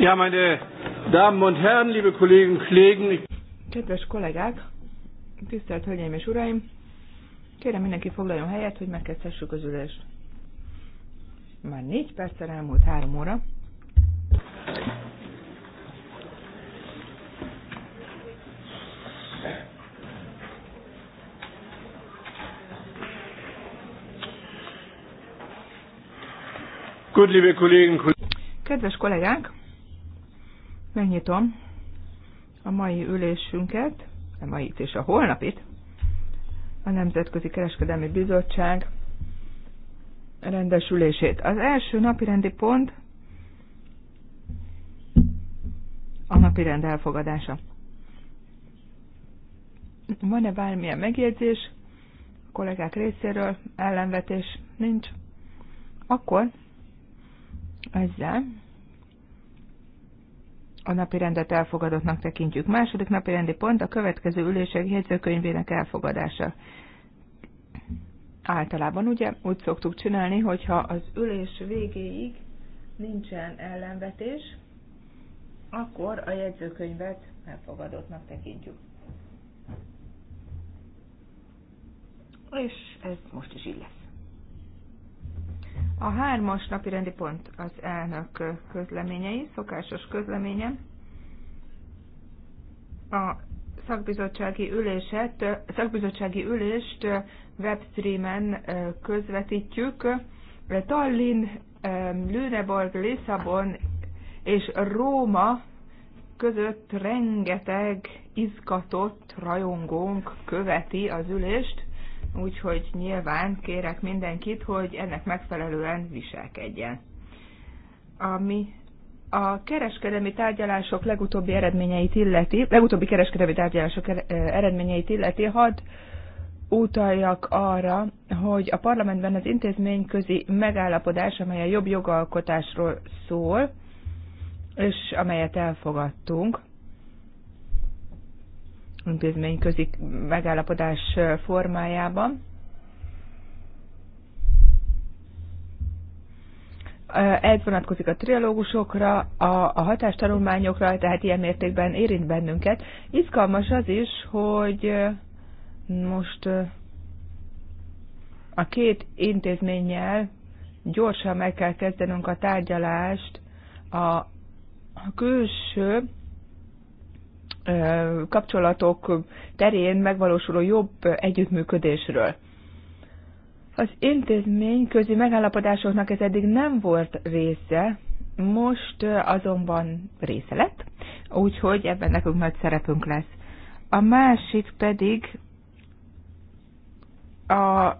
Ja, meine Damen und Herren, liebe Kollegen, Kollegen. Kedves kollégák, tisztelt Hölgyeim és Uraim, kérem mindenki foglaljon helyet, hogy megkezdhessük az ülést. Már négy perccel elmúlt három óra. Gut, liebe Kollegen, Kedves kollégák, Megnyitom a mai ülésünket, a mai és a holnapit. A Nemzetközi Kereskedelmi Bizottság rendes Az első napi rendi pont a napi rend elfogadása. Van-e bármilyen megjegyzés a kollégák részéről? Ellenvetés nincs. Akkor ezzel a napi rendet elfogadottnak tekintjük. Második napi rendi pont a következő ülések jegyzőkönyvének elfogadása. Általában ugye úgy szoktuk csinálni, hogyha az ülés végéig nincsen ellenvetés, akkor a jegyzőkönyvet elfogadottnak tekintjük. És ez most is így lesz. A hármas napi rendi pont az elnök közleményei, szokásos közleménye. A szakbizottsági, üléset, szakbizottsági ülést webstreamen közvetítjük. Tallinn, Lüneborg, Lisszabon és Róma között rengeteg izgatott rajongónk követi az ülést úgyhogy nyilván kérek mindenkit, hogy ennek megfelelően viselkedjen. Ami a kereskedelmi tárgyalások legutóbbi eredményeit illeti, legutóbbi kereskedelmi tárgyalások eh, eredményeit illeti, hadd utaljak arra, hogy a parlamentben az intézményközi megállapodás, amely a jobb jogalkotásról szól, és amelyet elfogadtunk, intézményközi megállapodás formájában. Ez vonatkozik a trialógusokra, a, a hatástanulmányokra, tehát ilyen mértékben érint bennünket. Izgalmas az is, hogy most a két intézménnyel gyorsan meg kell kezdenünk a tárgyalást a külső kapcsolatok terén megvalósuló jobb együttműködésről. Az intézmény közi megállapodásoknak ez eddig nem volt része, most azonban része lett, úgyhogy ebben nekünk nagy szerepünk lesz. A másik pedig a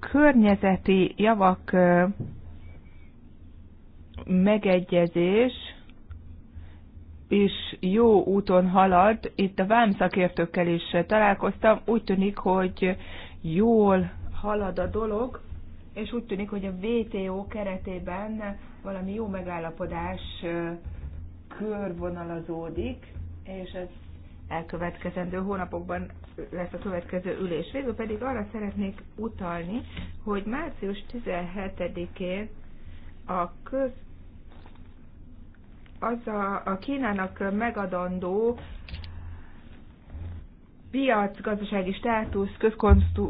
környezeti javak megegyezés, is jó úton halad. Itt a vám szakértőkkel is találkoztam. Úgy tűnik, hogy jól halad a dolog, és úgy tűnik, hogy a WTO keretében valami jó megállapodás körvonalazódik, és az elkövetkezendő hónapokban lesz a következő ülés. Végül pedig arra szeretnék utalni, hogy március 17-én a köz az a, a Kínának megadandó gazdasági státusz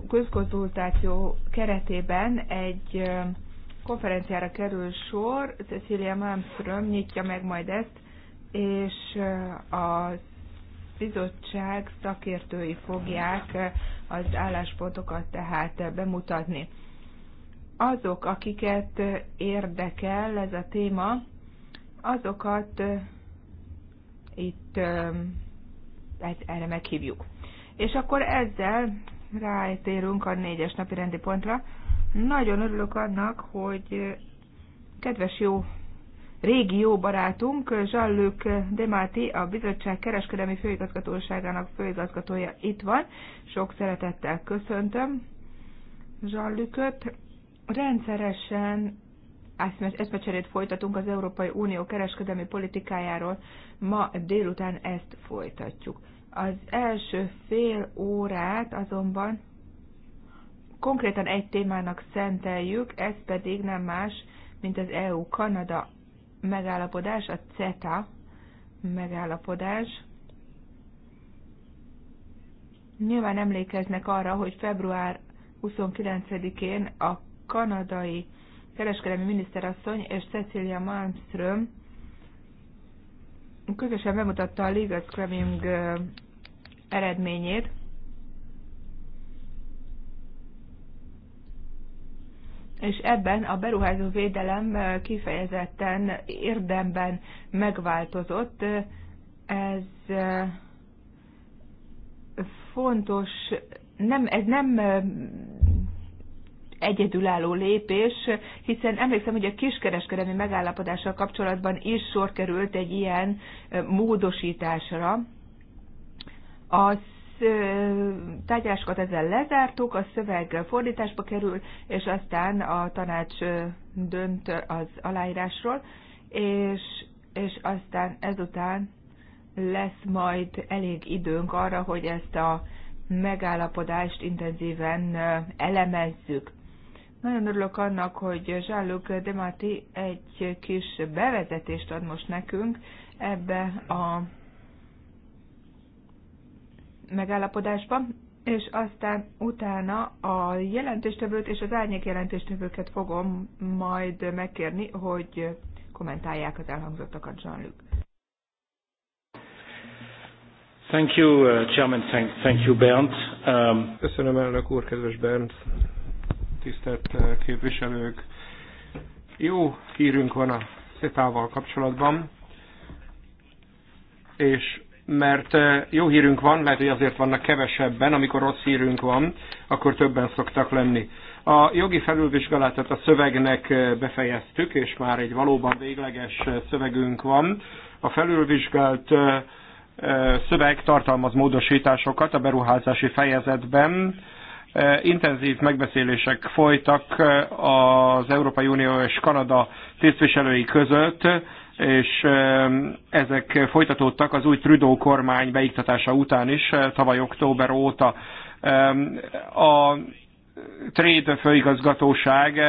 közkonzultáció keretében egy konferenciára kerül sor, Cecilia Malmström nyitja meg majd ezt, és a bizottság szakértői fogják az álláspontokat tehát bemutatni. Azok, akiket érdekel ez a téma, azokat itt ez hát erre meghívjuk. És akkor ezzel rájtérünk a négyes napi rendi pontra. Nagyon örülök annak, hogy kedves jó régi jó barátunk, Zsallők Demáti, a bizottság kereskedelmi főigazgatóságának főigazgatója itt van. Sok szeretettel köszöntöm jean Rendszeresen eszmecserét folytatunk az Európai Unió kereskedelmi politikájáról. Ma délután ezt folytatjuk. Az első fél órát azonban konkrétan egy témának szenteljük, ez pedig nem más, mint az EU-Kanada megállapodás, a CETA megállapodás. Nyilván emlékeznek arra, hogy február 29-én a kanadai kereskedelmi miniszterasszony és Cecilia Malmström közösen bemutatta a legal scrumming eredményét, és ebben a beruházó védelem kifejezetten érdemben megváltozott. Ez fontos, nem, ez nem egyedülálló lépés, hiszen emlékszem, hogy a kiskereskedelmi megállapodással kapcsolatban is sor került egy ilyen módosításra. A tárgyásokat ezzel lezártuk, a szöveg fordításba kerül, és aztán a tanács dönt az aláírásról, és, és aztán ezután lesz majd elég időnk arra, hogy ezt a megállapodást intenzíven elemezzük. Nagyon örülök annak, hogy Zsálluk Demati egy kis bevezetést ad most nekünk ebbe a megállapodásba, és aztán utána a jelentéstevőt és az árnyék jelentéstevőket fogom majd megkérni, hogy kommentálják az elhangzottakat, Jean-Luc. Thank you, uh, Chairman. Thank, thank you, Bernd. Um, Köszönöm, elnök úr, kedves Bernd tisztelt eh, képviselők! Jó hírünk van a CETA-val kapcsolatban, és mert eh, jó hírünk van, lehet, hogy azért vannak kevesebben, amikor rossz hírünk van, akkor többen szoktak lenni. A jogi felülvizsgálatot a szövegnek eh, befejeztük, és már egy valóban végleges szövegünk van. A felülvizsgált szöveg tartalmaz módosításokat a beruházási fejezetben, Eh, intenzív megbeszélések folytak eh, az Európai Unió és Kanada tisztviselői között, és eh, ezek folytatódtak az új Trudeau kormány beiktatása után is, tavaly október óta. A Trade főigazgatóság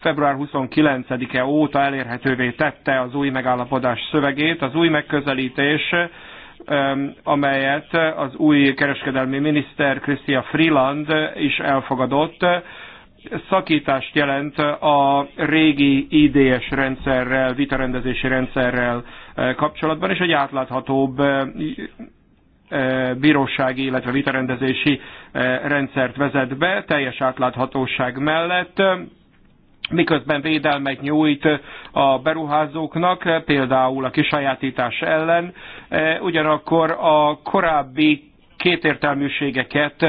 február 29-e óta elérhetővé tette az új megállapodás szövegét. Az új megközelítés amelyet az új kereskedelmi miniszter Krisztia Freeland is elfogadott, szakítást jelent a régi IDS rendszerrel, vitarendezési rendszerrel kapcsolatban, és egy átláthatóbb bírósági, illetve vitarendezési rendszert vezet be, teljes átláthatóság mellett miközben védelmet nyújt eh, a beruházóknak, eh, például a kisajátítás ellen, eh, ugyanakkor a korábbi kétértelműségeket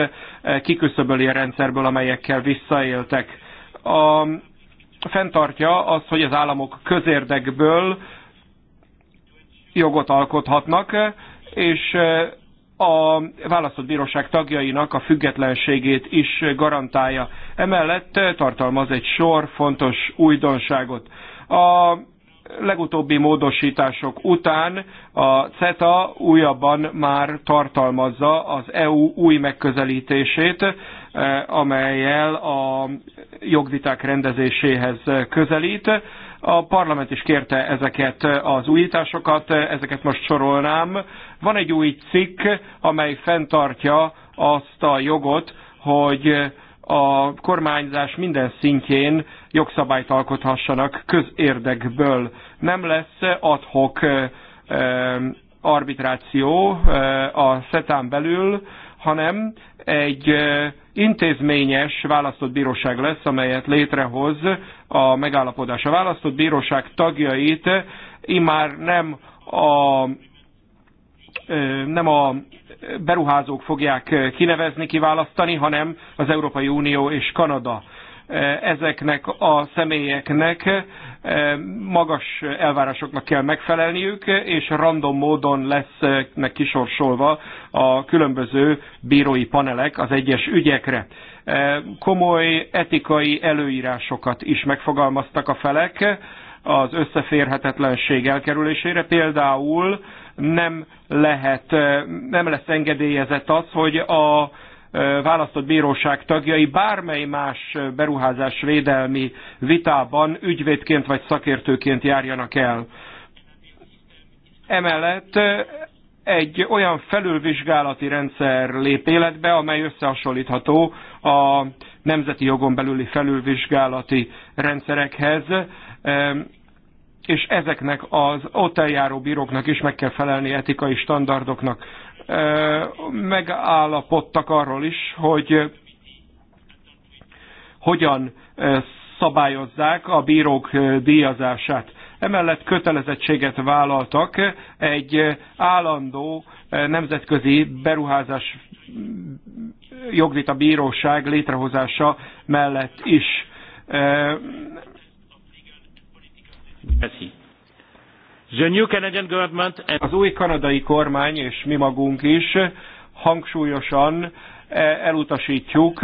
kiküszöböli a rendszerből, amelyekkel visszaéltek. A, fenntartja az, hogy az államok közérdekből jogot alkothatnak, és a választott bíróság tagjainak a függetlenségét is garantálja. Emellett tartalmaz egy sor fontos újdonságot. A legutóbbi módosítások után a CETA újabban már tartalmazza az EU új megközelítését, eh, amelyel a jogviták rendezéséhez közelít. A parlament is kérte ezeket az újításokat, ezeket most sorolnám. Van egy új cikk, amely fenntartja azt a jogot, hogy a kormányzás minden szintjén jogszabályt alkothassanak közérdekből. Nem lesz adhok arbitráció a szetán belül, hanem egy intézményes választott bíróság lesz, amelyet létrehoz a megállapodás. A választott bíróság tagjait immár nem a nem a beruházók fogják kinevezni, kiválasztani, hanem az Európai Unió és Kanada ezeknek a személyeknek magas elvárásoknak kell megfelelniük, és random módon lesznek kisorsolva a különböző bírói panelek az egyes ügyekre. Komoly etikai előírásokat is megfogalmaztak a felek az összeférhetetlenség elkerülésére, például nem lehet, nem lesz engedélyezett az, hogy a választott bíróság tagjai bármely más beruházás védelmi vitában ügyvédként vagy szakértőként járjanak el. Emellett egy olyan felülvizsgálati rendszer lép életbe, amely összehasonlítható a nemzeti jogon belüli felülvizsgálati rendszerekhez és ezeknek az ott eljáró bíróknak is meg kell felelni etikai standardoknak. Megállapodtak arról is, hogy hogyan szabályozzák a bírók díjazását. Emellett kötelezettséget vállaltak egy állandó nemzetközi beruházás jogvita bíróság létrehozása mellett is. Merci. The new Canadian government and... Az új kanadai kormány és mi magunk is hangsúlyosan e, elutasítjuk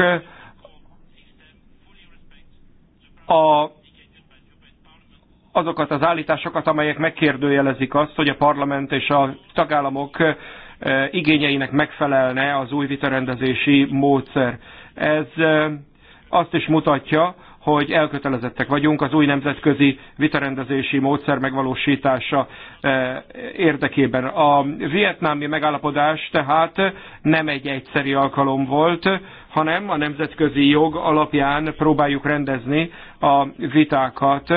a, azokat az állításokat, amelyek megkérdőjelezik azt, hogy a parlament és a tagállamok e, igényeinek megfelelne az új vitarendezési módszer. Ez e, azt is mutatja, hogy elkötelezettek vagyunk az új nemzetközi vitarendezési módszer megvalósítása eh, érdekében. A vietnámi megállapodás tehát nem egy egyszeri alkalom volt, hanem a nemzetközi jog alapján próbáljuk rendezni a vitákat,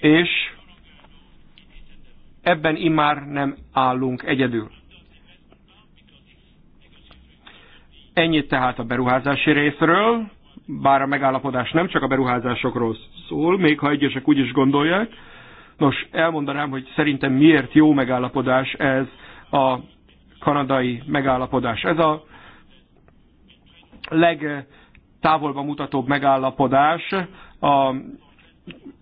és ebben immár nem állunk egyedül. Ennyit tehát a beruházási részről bár a megállapodás nem csak a beruházásokról szól, még ha egyesek úgy is gondolják. Nos, elmondanám, hogy szerintem miért jó megállapodás ez a kanadai megállapodás. Ez a legtávolba mutatóbb megállapodás a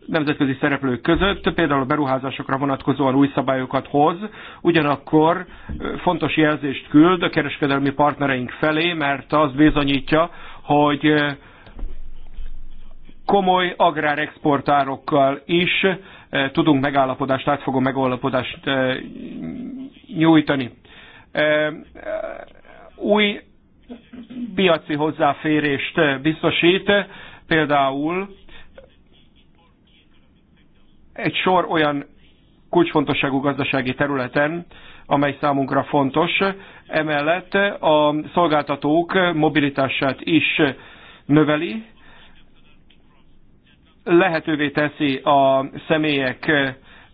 nemzetközi szereplők között, például a beruházásokra vonatkozóan új szabályokat hoz, ugyanakkor fontos jelzést küld a kereskedelmi partnereink felé, mert az bizonyítja, hogy komoly agrárexportárokkal is eh, tudunk megállapodást, átfogó megállapodást eh, nyújtani. Eh, új piaci hozzáférést biztosít, például egy sor olyan kulcsfontosságú gazdasági területen, amely számunkra fontos. Emellett a szolgáltatók mobilitását is növeli, lehetővé teszi a személyek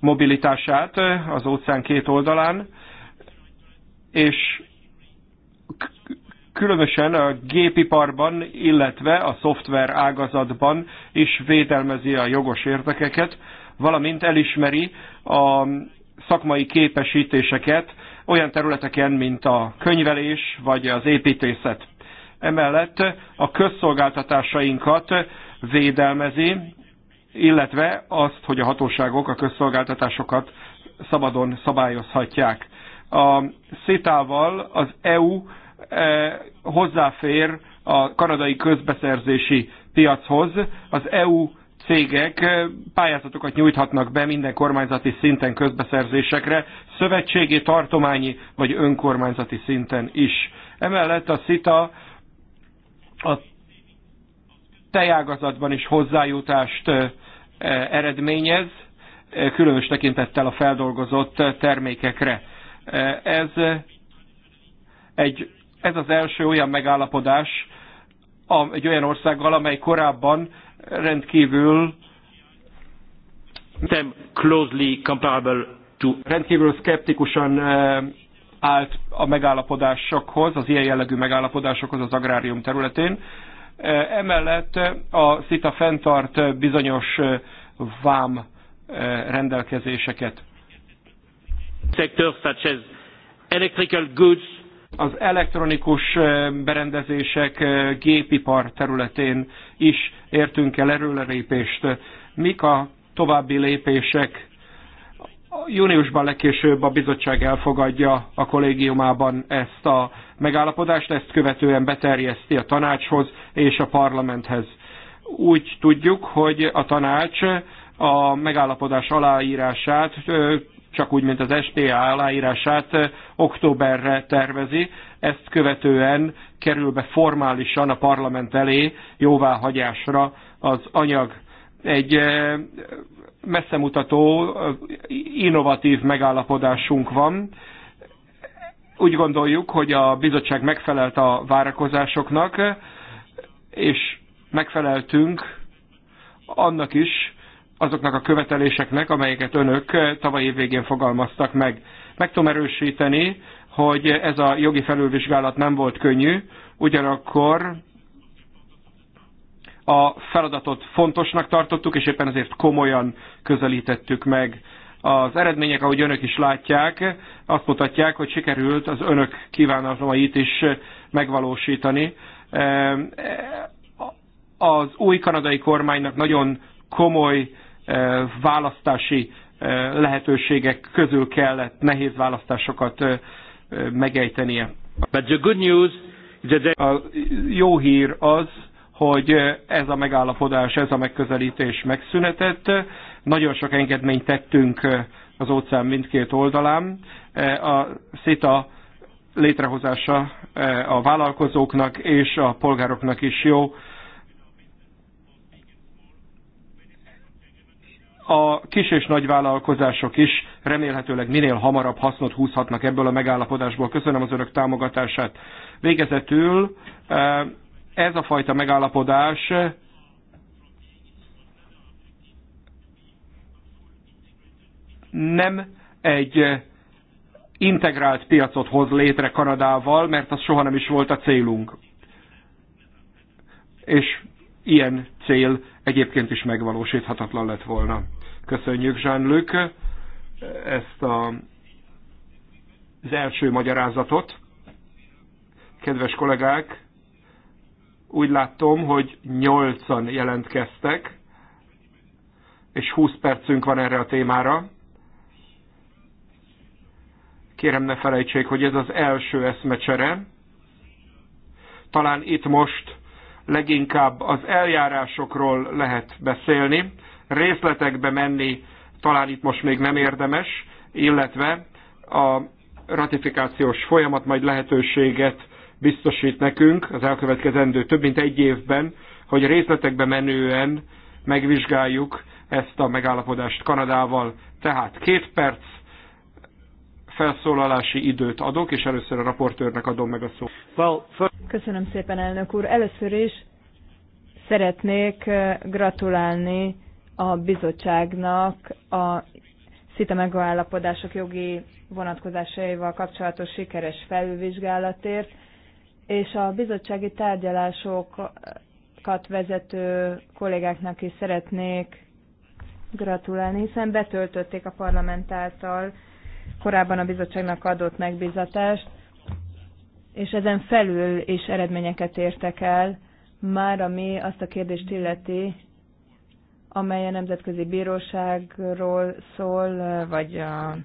mobilitását az óceán két oldalán, és különösen a gépiparban, illetve a szoftver ágazatban is védelmezi a jogos érdekeket, valamint elismeri a szakmai képesítéseket olyan területeken, mint a könyvelés vagy az építészet. Emellett a közszolgáltatásainkat védelmezi, illetve azt, hogy a hatóságok a közszolgáltatásokat szabadon szabályozhatják. A szétával az EU eh, hozzáfér a kanadai közbeszerzési piachoz. Az EU cégek eh, pályázatokat nyújthatnak be minden kormányzati szinten közbeszerzésekre, szövetségi, tartományi vagy önkormányzati szinten is. Emellett a SZITA a tejágazatban is hozzájutást eh, E, eredményez, e, különös tekintettel a feldolgozott termékekre. E, ez, egy, ez az első olyan megállapodás egy olyan országgal, amely korábban rendkívül nem closely comparable to... rendkívül szkeptikusan állt a megállapodásokhoz, az ilyen jellegű megállapodásokhoz az agrárium területén. Emellett a szita fenntart bizonyos vám rendelkezéseket. such as electrical goods, az elektronikus berendezések gépipar területén is értünk el erőlerépést. Mik a további lépések júniusban legkésőbb a bizottság elfogadja a kollégiumában ezt a megállapodást, ezt követően beterjeszti a tanácshoz és a parlamenthez. Úgy tudjuk, hogy a tanács a megállapodás aláírását, csak úgy, mint az SPA aláírását októberre tervezi, ezt követően kerül be formálisan a parlament elé jóváhagyásra az anyag. Egy messzemutató, innovatív megállapodásunk van. Úgy gondoljuk, hogy a bizottság megfelelt a várakozásoknak, és megfeleltünk annak is, azoknak a követeléseknek, amelyeket önök tavaly év végén fogalmaztak meg. Meg tudom erősíteni, hogy ez a jogi felülvizsgálat nem volt könnyű, ugyanakkor a feladatot fontosnak tartottuk, és éppen ezért komolyan közelítettük meg. Az eredmények, ahogy önök is látják, azt mutatják, hogy sikerült az önök kívánalmait is megvalósítani. Ehm, az új kanadai kormánynak nagyon komoly eh, választási eh, lehetőségek közül kellett nehéz választásokat eh, megejtenie. But the good news a jó hír az, hogy ez a megállapodás, ez a megközelítés megszünetett. Nagyon sok engedményt tettünk az óceán mindkét oldalán. A CETA létrehozása a vállalkozóknak és a polgároknak is jó. a kis és nagy vállalkozások is remélhetőleg minél hamarabb hasznot húzhatnak ebből a megállapodásból. Köszönöm az önök támogatását. Végezetül ez a fajta megállapodás nem egy integrált piacot hoz létre Kanadával, mert az soha nem is volt a célunk. És ilyen cél egyébként is megvalósíthatatlan lett volna. Köszönjük, Jean-Luc, ezt a, az első magyarázatot. Kedves kollégák, úgy látom, hogy nyolcan jelentkeztek, és 20 percünk van erre a témára. Kérem ne felejtsék, hogy ez az első eszmecsere. Talán itt most leginkább az eljárásokról lehet beszélni, részletekbe menni talán itt most még nem érdemes, illetve a ratifikációs folyamat majd lehetőséget biztosít nekünk az elkövetkezendő több mint egy évben, hogy részletekbe menően megvizsgáljuk ezt a megállapodást Kanadával. Tehát két perc felszólalási időt adok, és először a raportőrnek adom meg a szót. Well, for... Köszönöm szépen, elnök úr. Először is szeretnék gratulálni a bizottságnak a szinte megállapodások jogi vonatkozásaival kapcsolatos sikeres felülvizsgálatért és a bizottsági tárgyalásokat vezető kollégáknak is szeretnék gratulálni, hiszen betöltötték a parlament által korábban a bizottságnak adott megbizatást, és ezen felül is eredményeket értek el, már ami azt a kérdést illeti, amely a Nemzetközi Bíróságról szól, vagy a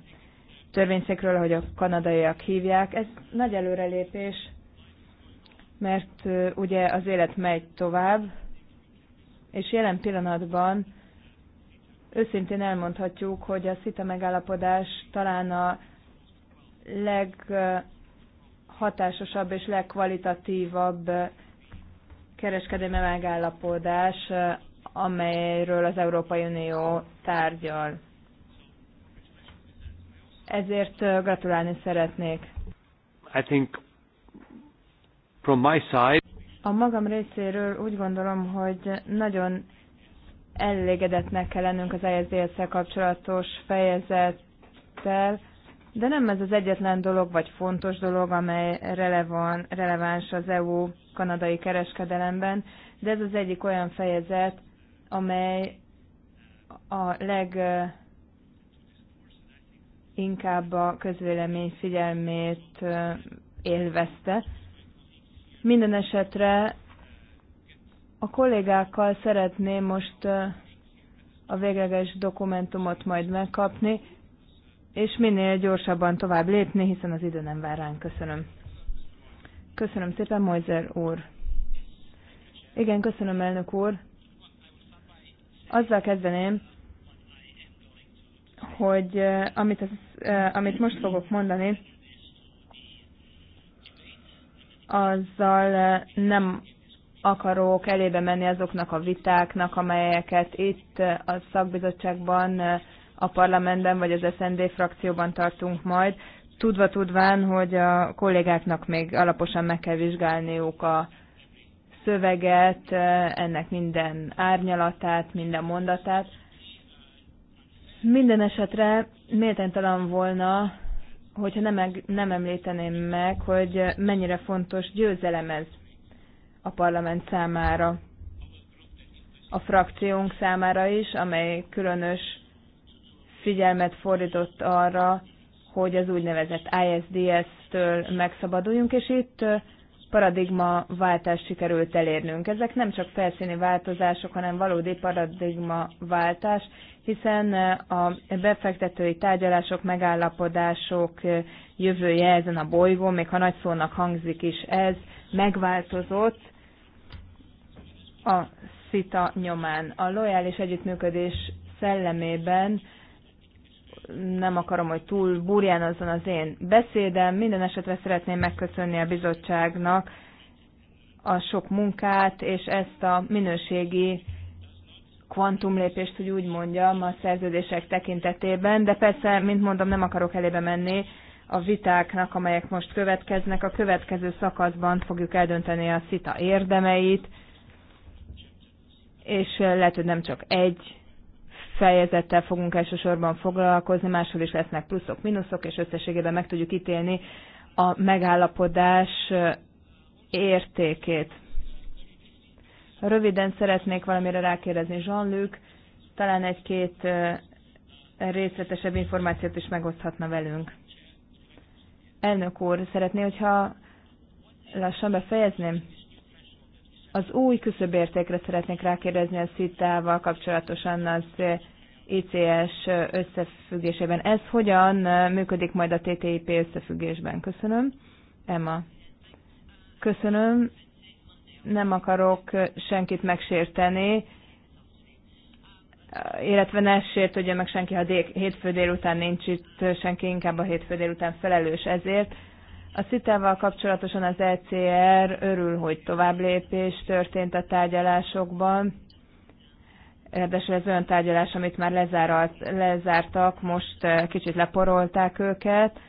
törvényszékről, ahogy a kanadaiak hívják. Ez nagy előrelépés mert ugye az élet megy tovább, és jelen pillanatban őszintén elmondhatjuk, hogy a szita megállapodás talán a leghatásosabb és legkvalitatívabb kereskedelmi megállapodás, amelyről az Európai Unió tárgyal. Ezért gratulálni szeretnék. I think From my side. A magam részéről úgy gondolom, hogy nagyon elégedetnek kell lennünk az ISDS-szel kapcsolatos fejezettel, de nem ez az egyetlen dolog, vagy fontos dolog, amely relevan, releváns az EU-kanadai kereskedelemben, de ez az egyik olyan fejezet, amely a leginkább a közvélemény figyelmét élvezte, minden esetre a kollégákkal szeretném most a végleges dokumentumot majd megkapni, és minél gyorsabban tovább lépni, hiszen az idő nem vár ránk. Köszönöm. Köszönöm szépen, Moiser úr. Igen, köszönöm, elnök úr. Azzal kezdeném, hogy amit, az, amit most fogok mondani, azzal eh, nem akarok elébe menni azoknak a vitáknak, amelyeket itt eh, a szakbizottságban, eh, a parlamentben vagy az SND frakcióban tartunk majd, tudva tudván, hogy a kollégáknak még alaposan meg kell vizsgálniuk a szöveget, ennek minden árnyalatát, minden mondatát. Minden esetre méltánytalan volna hogyha nem, nem említeném meg, hogy mennyire fontos győzelem ez a parlament számára, a frakciónk számára is, amely különös figyelmet fordított arra, hogy az úgynevezett ISDS-től megszabaduljunk, és itt paradigmaváltást sikerült elérnünk. Ezek nem csak felszíni változások, hanem valódi paradigmaváltás, hiszen a befektetői tárgyalások, megállapodások jövője ezen a bolygón, még ha nagy szónak hangzik is ez, megváltozott a szita nyomán. A lojális együttműködés szellemében nem akarom, hogy túl burjánozzon az én beszédem. Minden esetre szeretném megköszönni a bizottságnak a sok munkát és ezt a minőségi kvantumlépést, hogy úgy mondjam, a szerződések tekintetében, de persze, mint mondom, nem akarok elébe menni a vitáknak, amelyek most következnek. A következő szakaszban fogjuk eldönteni a szita érdemeit, és lehet, hogy nem csak egy fejezettel fogunk elsősorban foglalkozni, máshol is lesznek pluszok, minuszok, és összességében meg tudjuk ítélni a megállapodás értékét. Röviden szeretnék valamire rákérdezni Jean-Luc, talán egy-két részletesebb információt is megoszthatna velünk. Elnök úr, szeretné, hogyha lassan befejezném? Az új küszöbértékre szeretnék rákérdezni a szitával kapcsolatosan az ICS összefüggésében. Ez hogyan működik majd a TTIP összefüggésben? Köszönöm. Emma. Köszönöm nem akarok senkit megsérteni, illetve ne sértődjön meg senki, ha hétfő délután nincs itt senki, inkább a hétfő délután felelős ezért. A szitával kapcsolatosan az ECR örül, hogy tovább lépés történt a tárgyalásokban. Ráadásul ez olyan tárgyalás, amit már lezáralt, lezártak, most eh, kicsit leporolták őket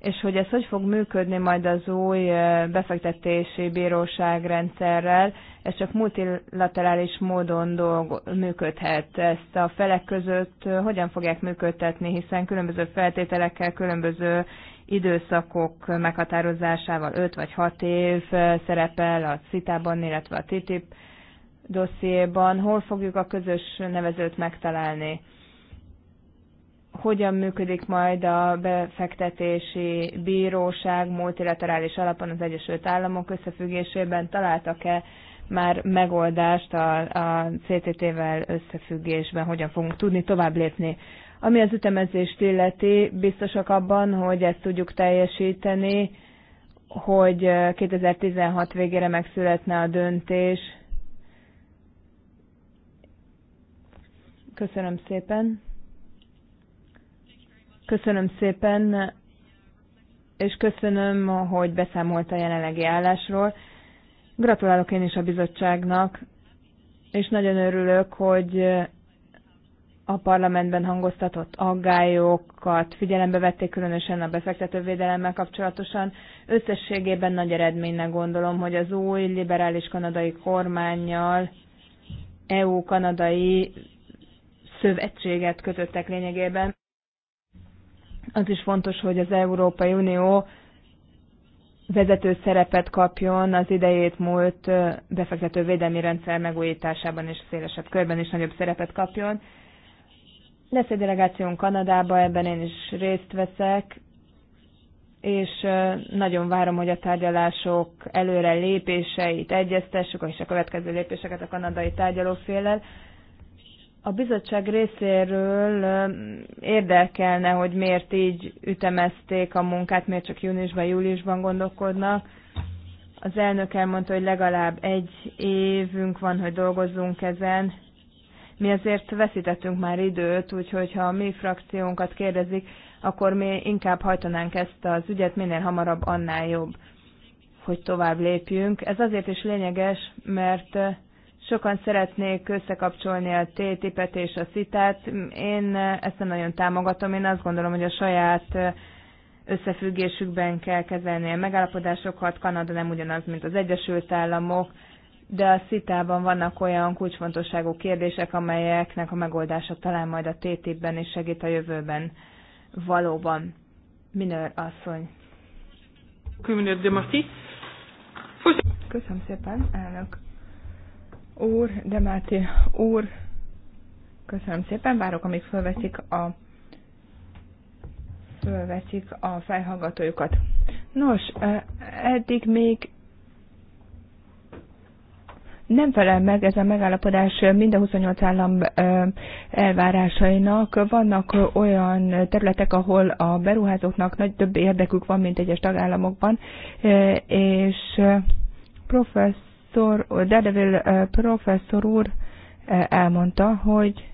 és hogy ez hogy fog működni majd az új befektetési bíróság rendszerrel, ez csak multilaterális módon dolgo- működhet. Ezt a felek között hogyan fogják működtetni, hiszen különböző feltételekkel, különböző időszakok meghatározásával 5 vagy 6 év szerepel a CITA-ban, illetve a TTIP dossziéban. Hol fogjuk a közös nevezőt megtalálni? hogyan működik majd a befektetési bíróság multilaterális alapon az Egyesült Államok összefüggésében, találtak-e már megoldást a, a CTT-vel összefüggésben, hogyan fogunk tudni tovább lépni. Ami az ütemezést illeti, biztosak abban, hogy ezt tudjuk teljesíteni, hogy 2016 végére megszületne a döntés. Köszönöm szépen. Köszönöm szépen, és köszönöm, hogy beszámolt a jelenlegi állásról. Gratulálok én is a bizottságnak, és nagyon örülök, hogy a parlamentben hangoztatott aggályokat figyelembe vették, különösen a befektetővédelemmel kapcsolatosan. Összességében nagy eredménynek gondolom, hogy az új liberális kanadai kormányjal EU-kanadai szövetséget kötöttek lényegében. Az is fontos, hogy az Európai Unió vezető szerepet kapjon az idejét múlt befektető védelmi rendszer megújításában és szélesebb körben is nagyobb szerepet kapjon. Lesz egy delegáción Kanadába, ebben én is részt veszek, és nagyon várom, hogy a tárgyalások előre lépéseit egyeztessük, és a következő lépéseket a kanadai tárgyalófélel. A bizottság részéről érdekelne, hogy miért így ütemezték a munkát, miért csak júniusban, júliusban gondolkodnak. Az elnök elmondta, hogy legalább egy évünk van, hogy dolgozzunk ezen. Mi azért veszítettünk már időt, úgyhogy ha a mi frakciónkat kérdezik, akkor mi inkább hajtanánk ezt az ügyet, minél hamarabb, annál jobb, hogy tovább lépjünk. Ez azért is lényeges, mert Sokan szeretnék összekapcsolni a TTIP-et és a CITÁT. Én ezt nem nagyon támogatom. Én azt gondolom, hogy a saját összefüggésükben kell kezelni a megállapodásokat. Kanada nem ugyanaz, mint az Egyesült Államok, de a szitában vannak olyan kulcsfontosságú kérdések, amelyeknek a megoldása talán majd a ttip is segít a jövőben valóban. Minőr asszony. Köszönöm szépen, elnök úr, de Máté, úr, köszönöm szépen, várok, amíg fölveszik a fölveszik a felhallgatójukat. Nos, eddig még nem felel meg ez a megállapodás mind a 28 állam elvárásainak. Vannak olyan területek, ahol a beruházóknak nagy több érdekük van, mint egyes tagállamokban, és professz professzor, Daredevil professzor úr elmondta, hogy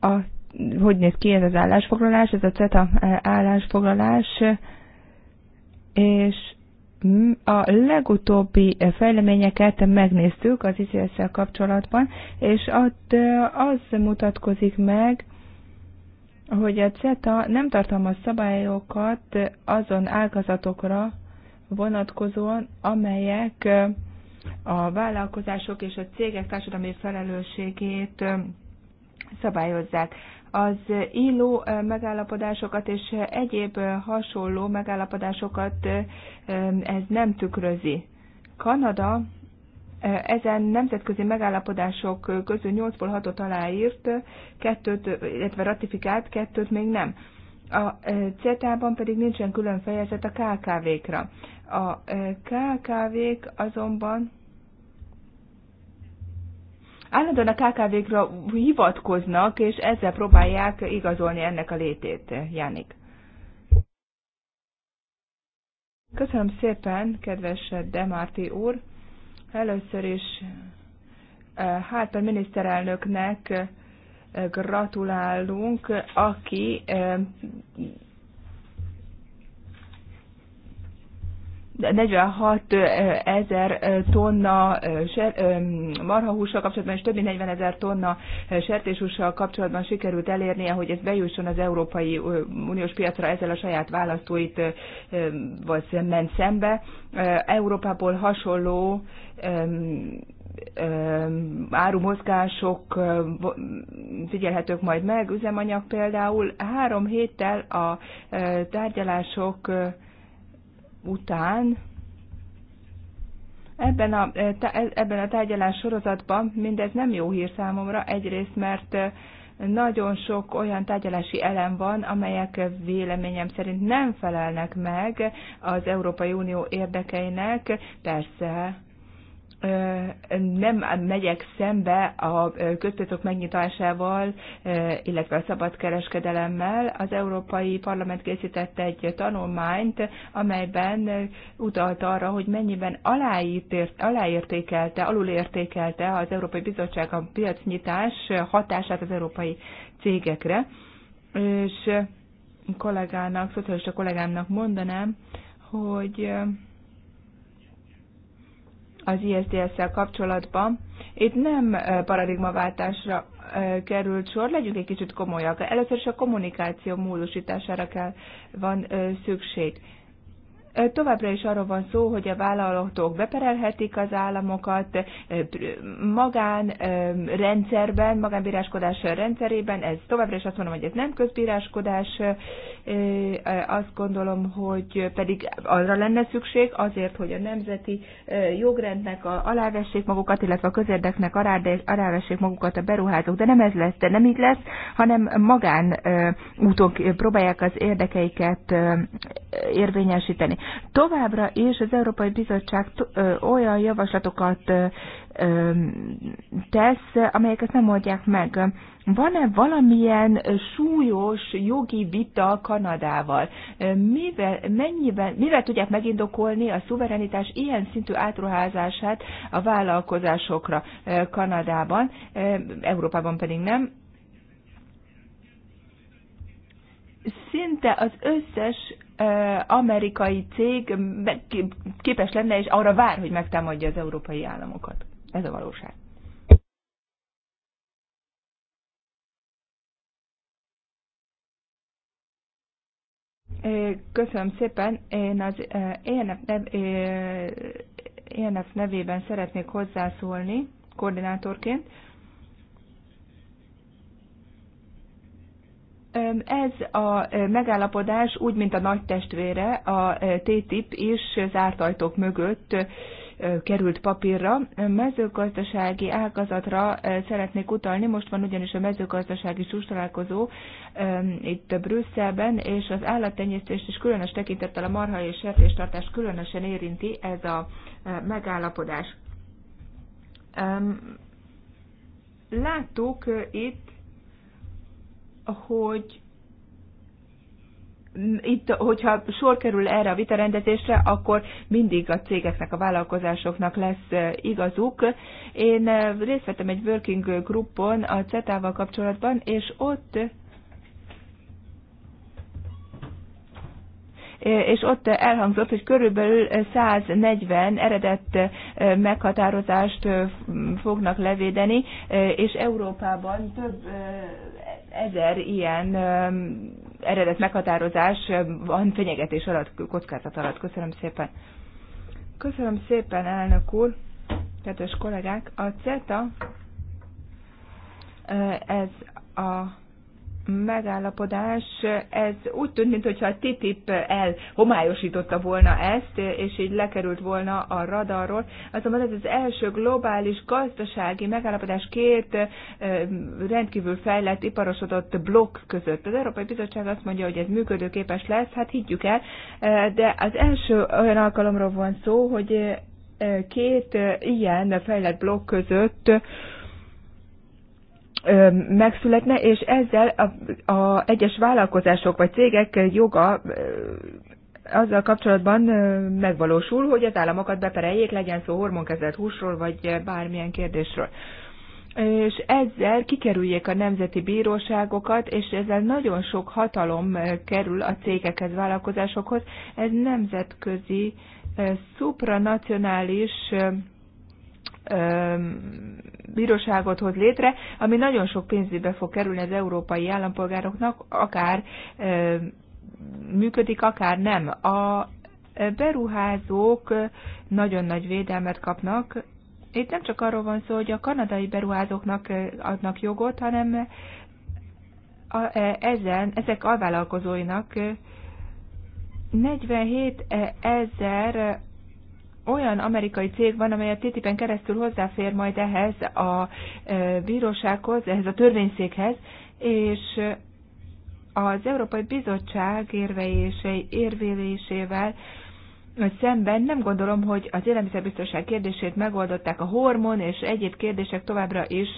a, hogy néz ki ez az állásfoglalás, ez a CETA állásfoglalás, és a legutóbbi fejleményeket megnéztük az ics kapcsolatban, és ott az mutatkozik meg, hogy a CETA nem tartalmaz szabályokat azon ágazatokra, vonatkozóan, amelyek a vállalkozások és a cégek társadalmi felelősségét szabályozzák. Az ILO megállapodásokat és egyéb hasonló megállapodásokat ez nem tükrözi. Kanada ezen nemzetközi megállapodások közül 8-ból 6-ot aláírt, kettőt, illetve ratifikált, kettőt még nem. A CETA-ban pedig nincsen külön fejezet a KKV-kra. A KKV-k azonban állandóan a KKV-kra hivatkoznak, és ezzel próbálják igazolni ennek a létét, Jánik. Köszönöm szépen, kedves Demárti úr. Először is a miniszterelnöknek gratulálunk, aki 46 ezer tonna marhahússal kapcsolatban és több mint 40 ezer tonna sertéshússal kapcsolatban sikerült elérnie, hogy ez bejusson az Európai Uniós piacra, ezzel a saját választóit vagy ment szembe. Európából hasonló árumozgások figyelhetők majd meg, üzemanyag például. Három héttel a tárgyalások után ebben a, eh, eh, ebben a tárgyalás sorozatban mindez nem jó hír számomra, egyrészt mert eh, nagyon sok olyan tárgyalási elem van, amelyek véleményem szerint nem felelnek meg az Európai Unió érdekeinek. Persze nem megyek szembe a közpiacok megnyitásával, illetve a szabadkereskedelemmel. Az Európai Parlament készített egy tanulmányt, amelyben utalt arra, hogy mennyiben aláírt, aláértékelte, alulértékelte az Európai Bizottság a piacnyitás hatását az európai cégekre. És kollégának, a kollégámnak mondanám, hogy az ISDS-szel kapcsolatban. Itt nem paradigmaváltásra került sor, legyünk egy kicsit komolyak. Először is a kommunikáció módosítására kell, van szükség. Továbbra is arról van szó, hogy a vállalatok beperelhetik az államokat magán rendszerben, magánbíráskodás rendszerében. Ez továbbra is azt mondom, hogy ez nem közbíráskodás. Azt gondolom, hogy pedig arra lenne szükség azért, hogy a nemzeti jogrendnek alávessék magukat, illetve a közérdeknek alávessék magukat a beruházók. De nem ez lesz, de nem így lesz, hanem magán úton próbálják az érdekeiket érvényesíteni. Továbbra is az Európai Bizottság olyan javaslatokat tesz, amelyeket nem oldják meg. Van-e valamilyen súlyos jogi vita a Kanadával? Mivel, mennyiben, mivel tudják megindokolni a szuverenitás ilyen szintű átruházását a vállalkozásokra Kanadában, Európában pedig nem? Szinte az összes amerikai cég képes lenne, és arra vár, hogy megtámadja az európai államokat. Ez a valóság. Köszönöm szépen. Én az ENF, nev, ENF nevében szeretnék hozzászólni koordinátorként. Ez a megállapodás úgy, mint a nagy testvére, a TTIP is zárt ajtók mögött került papírra. Mezőgazdasági ágazatra szeretnék utalni, most van ugyanis a mezőgazdasági csúcstalálkozó itt Brüsszelben, és az állattenyésztést is különös tekintettel a marha és sertéstartást különösen érinti ez a megállapodás. Láttuk itt hogy itt, hogyha sor kerül erre a vitarendezésre, akkor mindig a cégeknek, a vállalkozásoknak lesz eh, igazuk. Én eh, részt vettem egy working groupon a CETA-val kapcsolatban, és ott eh, és ott elhangzott, hogy körülbelül 140 eredet meghatározást fognak levédeni, és Európában több ezer ilyen eredet meghatározás van fenyegetés alatt, kockázat alatt. Köszönöm szépen. Köszönöm szépen, elnök úr, kedves kollégák. A CETA, ez a megállapodás, ez úgy tűnt, mintha a TTIP elhomályosította volna ezt, és így lekerült volna a radarról. Azonban ez az első globális gazdasági megállapodás két rendkívül fejlett, iparosodott blokk között. Az Európai Bizottság azt mondja, hogy ez működőképes lesz, hát higgyük el, de az első olyan alkalomról van szó, hogy két ilyen fejlett blokk között megszületne, és ezzel a, a egyes vállalkozások vagy cégek joga azzal kapcsolatban megvalósul, hogy az államokat bepereljék, legyen szó hormonkezelt húsról, vagy bármilyen kérdésről. És ezzel kikerüljék a nemzeti bíróságokat, és ezzel nagyon sok hatalom kerül a cégekhez, vállalkozásokhoz. Ez nemzetközi, szupranacionális bíróságot hoz létre, ami nagyon sok pénzébe fog kerülni az európai állampolgároknak, akár működik, akár nem. A beruházók nagyon nagy védelmet kapnak. Itt nem csak arról van szó, hogy a kanadai beruházóknak adnak jogot, hanem a, ezen, ezek alvállalkozóinak 47 ezer olyan amerikai cég van, amely a TTIP-en keresztül hozzáfér majd ehhez a e, bírósághoz, ehhez a törvényszékhez, és az Európai Bizottság érvelésével szemben nem gondolom, hogy az élelmiszerbiztonság kérdését megoldották a hormon és egyéb kérdések továbbra is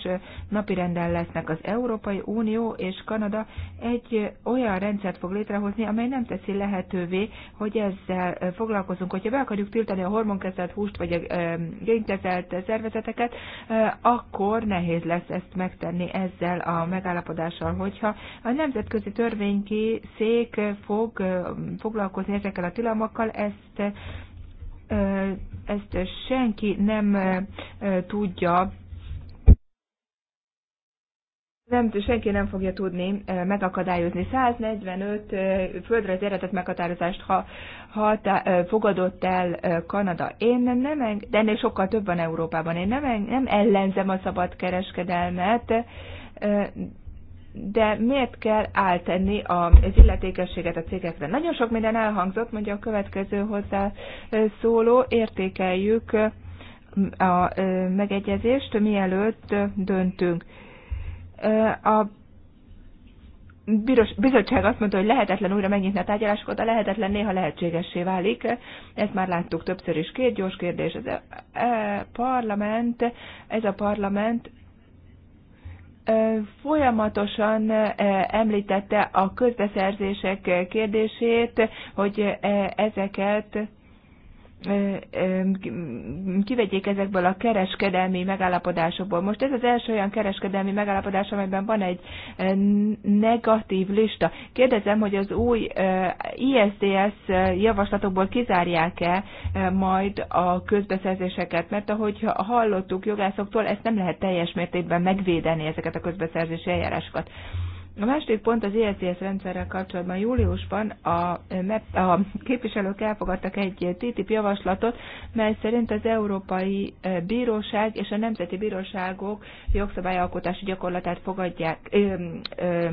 napirenden lesznek. Az Európai Unió és Kanada egy olyan rendszert fog létrehozni, amely nem teszi lehetővé, hogy ezzel foglalkozunk. Hogyha be akarjuk tiltani a hormonkezelt húst vagy a génkezelt szervezeteket, akkor nehéz lesz ezt megtenni ezzel a megállapodással, hogyha a nemzetközi törvényki szék fog foglalkozni ezekkel a tilalmakkal, ez ezt, ezt senki nem tudja nem, senki nem fogja tudni megakadályozni. 145 földrajz eredet meghatározást ha, ha tá, fogadott el Kanada. Én nem, de ennél sokkal több van Európában. Én nem, nem ellenzem a szabad kereskedelmet, de miért kell áltenni az illetékességet a cégekre? Nagyon sok minden elhangzott, mondja a következő hozzá szóló, értékeljük a megegyezést, mielőtt döntünk. A bizottság azt mondta, hogy lehetetlen újra megnyitni a tárgyalásokat, a lehetetlen néha lehetségessé válik. Ezt már láttuk többször is. Két gyors kérdés. Ez a, e, e, parlament, ez a parlament folyamatosan említette a közbeszerzések kérdését, hogy ezeket kivegyék ezekből a kereskedelmi megállapodásokból. Most ez az első olyan kereskedelmi megállapodás, amelyben van egy negatív lista. Kérdezem, hogy az új ISDS javaslatokból kizárják-e majd a közbeszerzéseket, mert ahogy hallottuk jogászoktól, ezt nem lehet teljes mértékben megvédeni ezeket a közbeszerzési eljárásokat. A második pont az ISDS e rendszerrel kapcsolatban. Júliusban a, a képviselők elfogadtak egy TTIP javaslatot, mely szerint az Európai e, Bíróság és a Nemzeti Bíróságok jogszabályalkotási gyakorlatát fogadják, e,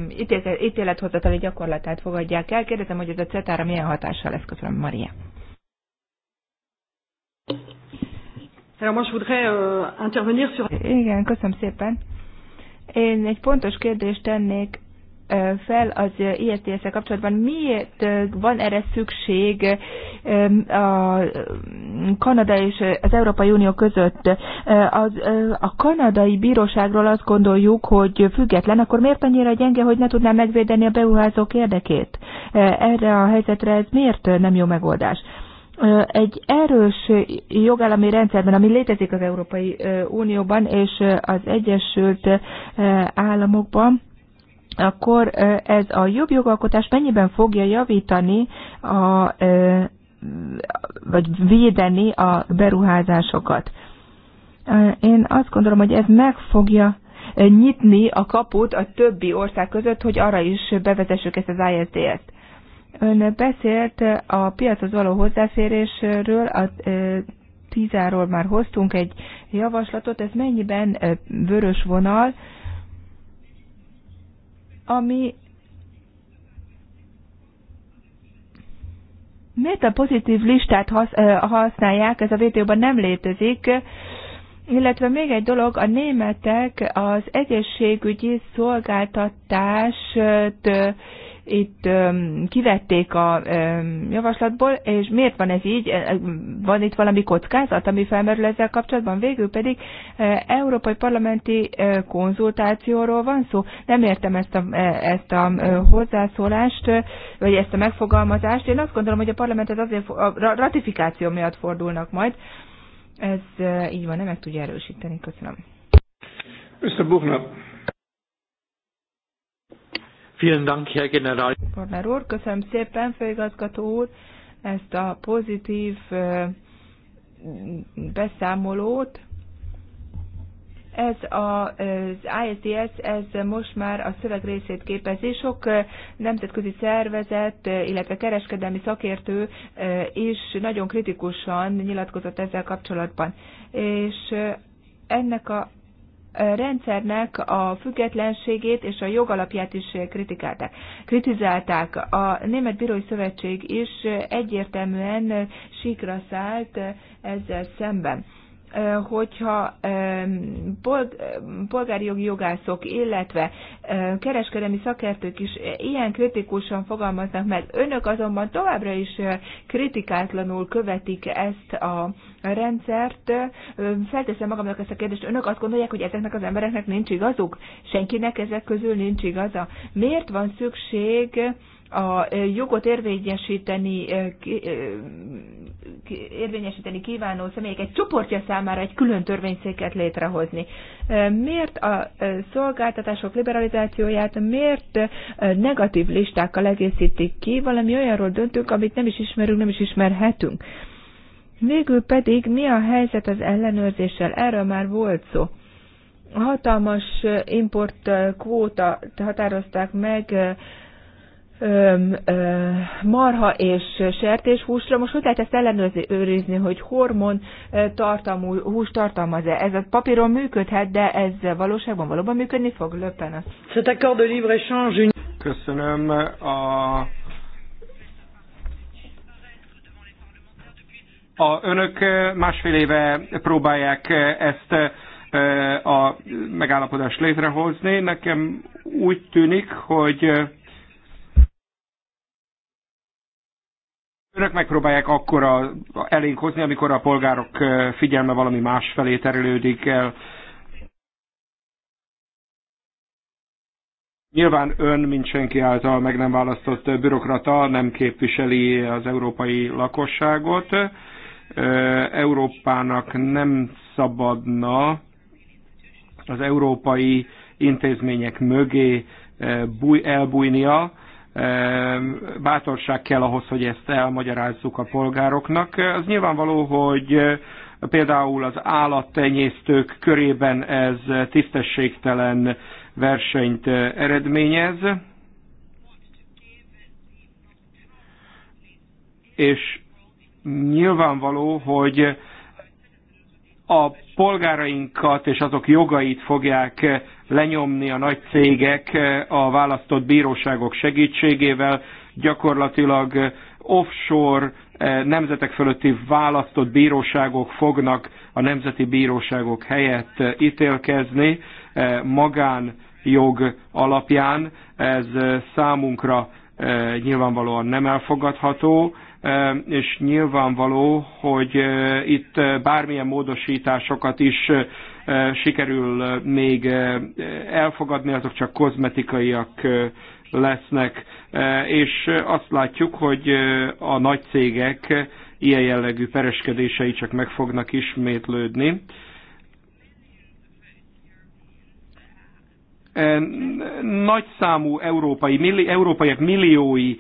ítélethozatali gyakorlatát fogadják el. Kérdezem, hogy ez a CETA-ra milyen hatással lesz, köszönöm, Maria. Euh, Igen, köszönöm szépen. Én egy pontos kérdést tennék fel az isds re kapcsolatban, miért van erre szükség a Kanada és az Európai Unió között? Az, a kanadai bíróságról azt gondoljuk, hogy független, akkor miért annyira gyenge, hogy ne tudná megvédeni a beruházók érdekét? Erre a helyzetre ez miért nem jó megoldás? egy erős jogállami rendszerben, ami létezik az Európai Unióban és az Egyesült Államokban, akkor ez a jobb jogalkotás mennyiben fogja javítani a, vagy védeni a beruházásokat. Én azt gondolom, hogy ez meg fogja nyitni a kaput a többi ország között, hogy arra is bevezessük ezt az ISDS-t. Ön beszélt a piachoz való hozzáférésről, a tízáról már hoztunk egy javaslatot, ez mennyiben vörös vonal, ami miért a pozitív listát használják, ez a videóban nem létezik, illetve még egy dolog, a németek az egészségügyi szolgáltatást itt kivették a javaslatból, és miért van ez így? E, van itt valami kockázat, ami felmerül ezzel kapcsolatban? Végül pedig európai parlamenti konzultációról van szó. Nem értem ezt a, e, ezt a hozzászólást, vagy ezt a megfogalmazást. Én azt gondolom, hogy a parlamentet azért a ratifikáció miatt fordulnak majd. Ez így van, nem meg tudja erősíteni. Köszönöm. Mr. Buchner. Vielen Dank, Herr General. úr, köszönöm szépen, főigazgató úr, ezt a pozitív beszámolót. Ez a, az ISDS, ez most már a szöveg részét képezi. Sok nemzetközi szervezet, illetve kereskedelmi szakértő is nagyon kritikusan nyilatkozott ezzel kapcsolatban. És ennek a rendszernek a függetlenségét és a jogalapját is kritikálták. Kritizálták. A Német Bírói Szövetség is egyértelműen síkra szállt ezzel szemben. Eh, hogyha polgári jogi jogászok, illetve eh, kereskedelmi szakértők is eh, ilyen kritikusan fogalmaznak meg, önök azonban továbbra is kritikátlanul követik ezt a rendszert. Felteszem magamnak ezt a kérdést, önök azt gondolják, hogy ezeknek az embereknek nincs igazuk? Senkinek ezek közül nincs igaza? Miért van szükség a jogot érvényesíteni, érvényesíteni kívánó személyek egy csoportja számára egy külön törvényszéket létrehozni. Miért a szolgáltatások liberalizációját, miért negatív listákkal egészítik ki, valami olyanról döntünk, amit nem is ismerünk, nem is ismerhetünk. Végül pedig mi a helyzet az ellenőrzéssel? Erről már volt szó hatalmas import kvóta határozták meg marha és sertéshúsra. Most hogy lehet ezt ellenőrizni, hogy hormon tartalmú hús tartalmaz-e? Ez a papíron működhet, de ez valóságban valóban működni fog? löppen Köszönöm. A A önök másfél éve próbálják ezt a megállapodást létrehozni. Nekem úgy tűnik, hogy Önök megpróbálják akkor elénk hozni, amikor a polgárok figyelme valami más felé terülődik el. Nyilván ön, mint senki által meg nem választott bürokrata, nem képviseli az európai lakosságot. Európának nem szabadna az európai intézmények mögé elbújnia, bátorság kell ahhoz, hogy ezt elmagyarázzuk a polgároknak. Az nyilvánvaló, hogy eh, például az állattenyésztők körében ez tisztességtelen versenyt eh, eredményez, és nyilvánvaló, hogy a polgárainkat és azok jogait fogják eh, lenyomni a nagy cégek eh, a választott bíróságok segítségével, gyakorlatilag eh, offshore nemzetek fölötti választott bíróságok fognak a nemzeti bíróságok helyett ítélkezni magán jog alapján. Ez számunkra nyilvánvalóan nem elfogadható és nyilvánvaló, hogy itt bármilyen módosításokat is sikerül még elfogadni, azok csak kozmetikaiak lesznek, és azt látjuk, hogy a nagy cégek ilyen jellegű pereskedései csak meg fognak ismétlődni. Nagy számú európai, milli, európaiak milliói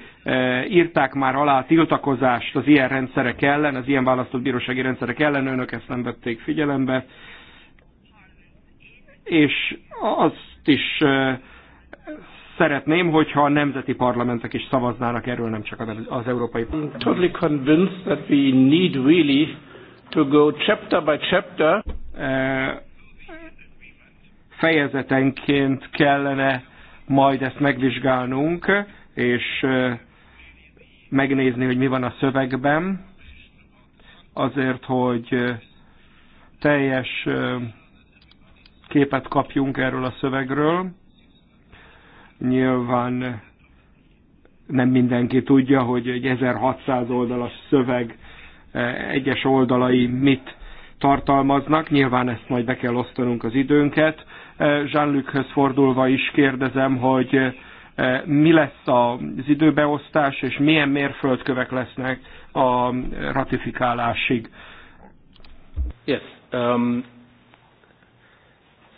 írták már alá a tiltakozást az ilyen rendszerek ellen, az ilyen választott bírósági rendszerek ellen, önök ezt nem vették figyelembe. És azt is szeretném, hogyha a nemzeti parlamentek is szavaznának erről, nem csak az európai. parlamentek. totally chapter by chapter fejezetenként kellene majd ezt megvizsgálnunk, és megnézni, hogy mi van a szövegben, azért, hogy teljes képet kapjunk erről a szövegről. Nyilván nem mindenki tudja, hogy egy 1600 oldalas szöveg egyes oldalai mit tartalmaznak. Nyilván ezt majd be kell osztanunk az időnket. Eh, jean fordulva is kérdezem, hogy eh, mi lesz az időbeosztás, és milyen mérföldkövek lesznek a ratifikálásig. Yes. Um,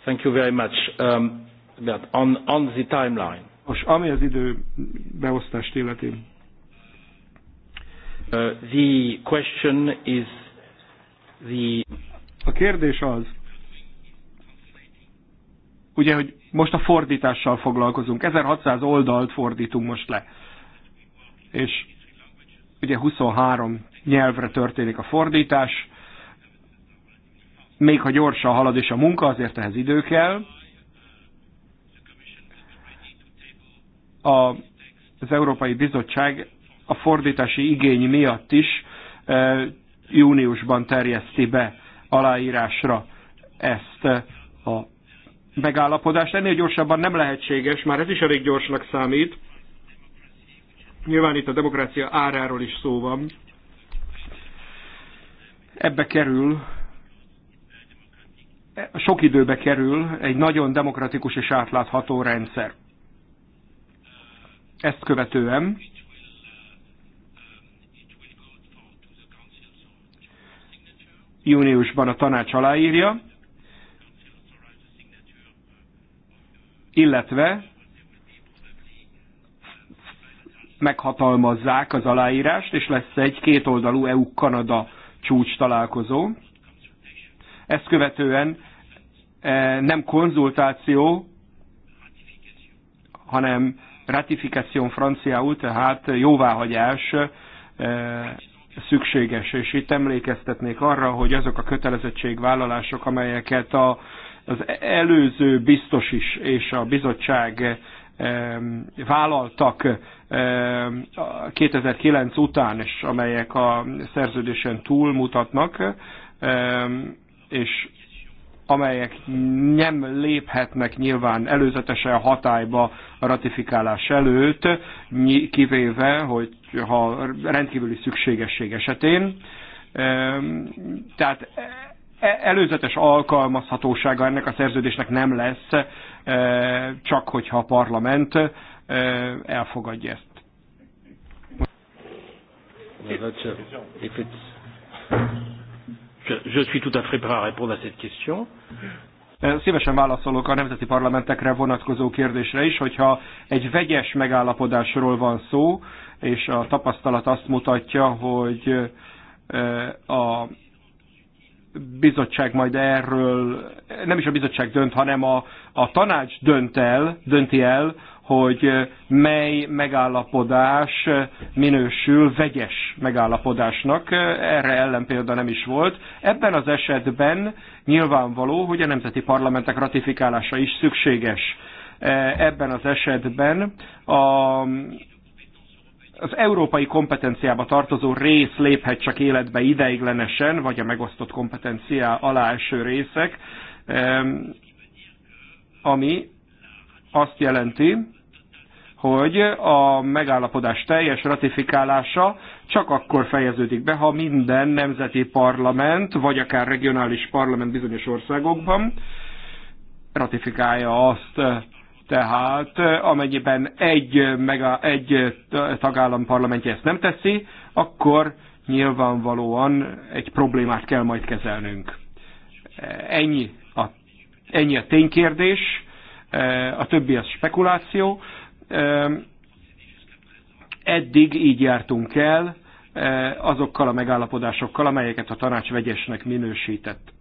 thank you very much. Um, but on, on the timeline. Most ami az időbeosztást illeti. Uh, the question is the... A kérdés az, ugye, hogy most a fordítással foglalkozunk, 1600 oldalt fordítunk most le. És ugye 23 nyelvre történik a fordítás, még ha gyorsan halad és a munka, azért ehhez idő kell. A, az Európai Bizottság a fordítási igény miatt is e, júniusban terjeszti be aláírásra ezt e, a megállapodást. Ennél gyorsabban nem lehetséges, már ez is elég gyorsnak számít. Nyilván itt a demokrácia áráról is szó van. Ebbe kerül, sok időbe kerül egy nagyon demokratikus és átlátható rendszer. Ezt követően júniusban a tanács aláírja, illetve meghatalmazzák az aláírást, és lesz egy kétoldalú EU-Kanada csúcs találkozó. Ezt követően e, nem konzultáció, hanem ratifikáción franciául, tehát jóváhagyás e, szükséges, és itt emlékeztetnék arra, hogy azok a kötelezettségvállalások, amelyeket a az előző biztos is és a bizottság vállaltak 2009 után, és amelyek a szerződésen túlmutatnak, és amelyek nem léphetnek nyilván előzetesen hatályba a ratifikálás előtt, kivéve, hogy ha rendkívüli szükségesség esetén. Tehát E, előzetes alkalmazhatósága ennek a szerződésnek nem lesz, e, csak hogyha a parlament e, elfogadja ezt. Je suis tout à fait prêt à répondre à cette question. Szívesen válaszolok a nemzeti parlamentekre vonatkozó kérdésre is, hogyha egy vegyes megállapodásról van szó, és a tapasztalat azt mutatja, hogy a bizottság majd erről, nem is a bizottság dönt, hanem a, a tanács dönt el, dönti el, hogy mely megállapodás minősül vegyes megállapodásnak. Erre ellenpélda nem is volt. Ebben az esetben nyilvánvaló, hogy a nemzeti parlamentek ratifikálása is szükséges. Ebben az esetben a az európai kompetenciába tartozó rész léphet csak életbe ideiglenesen, vagy a megosztott kompetenciá alá eső részek, ami azt jelenti, hogy a megállapodás teljes ratifikálása csak akkor fejeződik be, ha minden nemzeti parlament, vagy akár regionális parlament bizonyos országokban ratifikálja azt. Tehát amennyiben egy, meg a, egy tagállam parlamentje ezt nem teszi, akkor nyilvánvalóan egy problémát kell majd kezelnünk. Ennyi a, ennyi a ténykérdés, a többi az spekuláció. Eddig így jártunk el azokkal a megállapodásokkal, amelyeket a tanács vegyesnek minősített.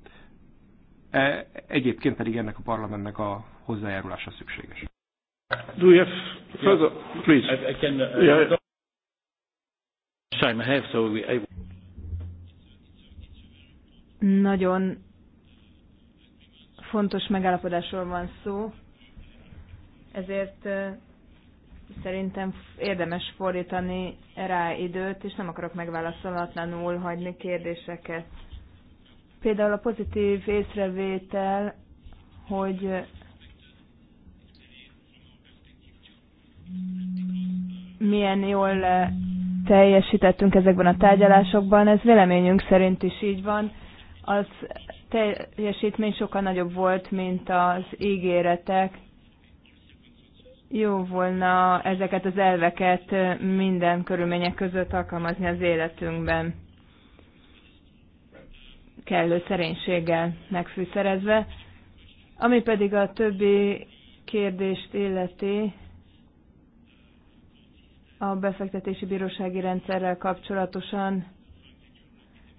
Egyébként pedig ennek a parlamentnek a hozzájárulása szükséges. Do you have further, please? I, I can, uh, yeah. have, so we, I... Nagyon fontos megállapodásról van szó, ezért szerintem érdemes fordítani rá időt, és nem akarok megválaszolatlanul hagyni kérdéseket. Például a pozitív észrevétel, hogy milyen jól eh, teljesítettünk ezekben a tárgyalásokban. Ez véleményünk szerint is így van. Az teljesítmény sokkal nagyobb volt, mint az ígéretek. Jó volna ezeket az elveket eh, minden körülmények között alkalmazni az életünkben kellő szerénységgel megfűszerezve. Ami pedig a többi kérdést illeti, a befektetési bírósági rendszerrel kapcsolatosan,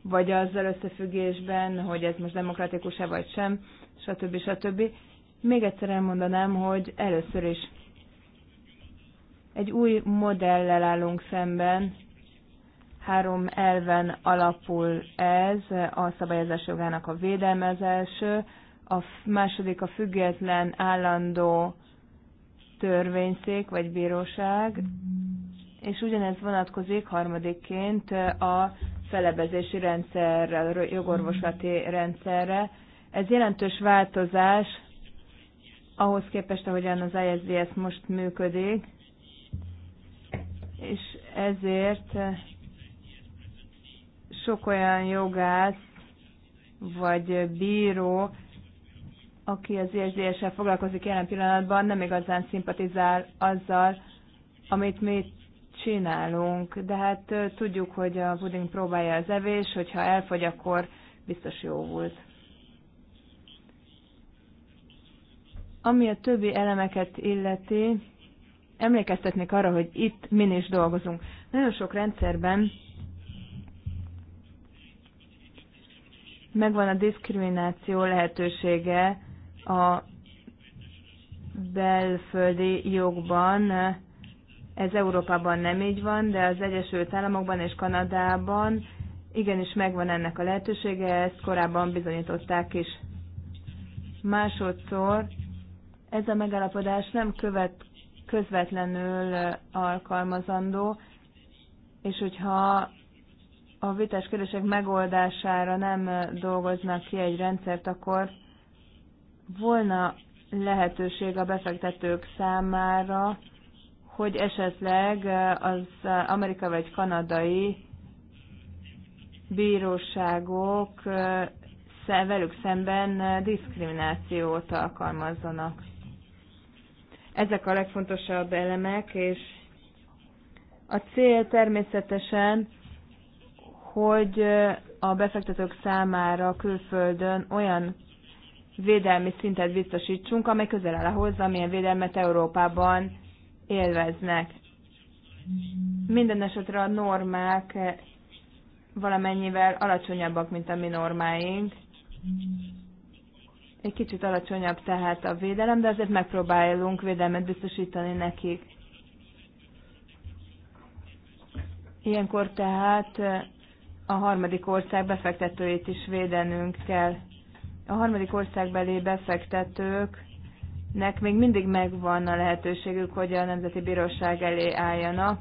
vagy azzal összefüggésben, hogy ez most demokratikus-e vagy sem, stb. stb. Még egyszer elmondanám, hogy először is egy új modellel állunk szemben, három elven alapul ez, a szabályozás jogának a védelme a második a független állandó törvényszék vagy bíróság, és ugyanez vonatkozik harmadikként a felebezési rendszerre, a jogorvoslati rendszerre. Ez jelentős változás ahhoz képest, ahogyan az ISDS most működik, és ezért sok olyan jogász vagy bíró, aki az ISDS-sel foglalkozik jelen pillanatban, nem igazán szimpatizál azzal, amit mi csinálunk, de hát tudjuk, hogy a puding próbálja az evés, hogyha elfogy, akkor biztos jó volt. Ami a többi elemeket illeti, emlékeztetnék arra, hogy itt min is dolgozunk. Nagyon sok rendszerben megvan a diszkrimináció lehetősége a belföldi jogban, ez Európában nem így van, de az Egyesült Államokban és Kanadában igenis megvan ennek a lehetősége, ezt korábban bizonyították is. Másodszor ez a megállapodás nem követ, közvetlenül alkalmazandó, és hogyha a vitás kérdések megoldására nem dolgoznak ki egy rendszert, akkor volna lehetőség a befektetők számára, hogy esetleg eh, az eh, Amerika vagy kanadai bíróságok eh, velük szemben diszkriminációt alkalmazzanak. Ezek a legfontosabb elemek, és a cél természetesen, hogy a befektetők számára külföldön olyan védelmi szintet biztosítsunk, amely közel áll ahhoz, amilyen védelmet Európában élveznek. Minden esetre a normák valamennyivel alacsonyabbak, mint a mi normáink. Egy kicsit alacsonyabb tehát a védelem, de azért megpróbálunk védelmet biztosítani nekik. Ilyenkor tehát a harmadik ország befektetőit is védenünk kell. A harmadik országbeli befektetők nek még mindig megvan a lehetőségük, hogy a Nemzeti Bíróság elé álljanak.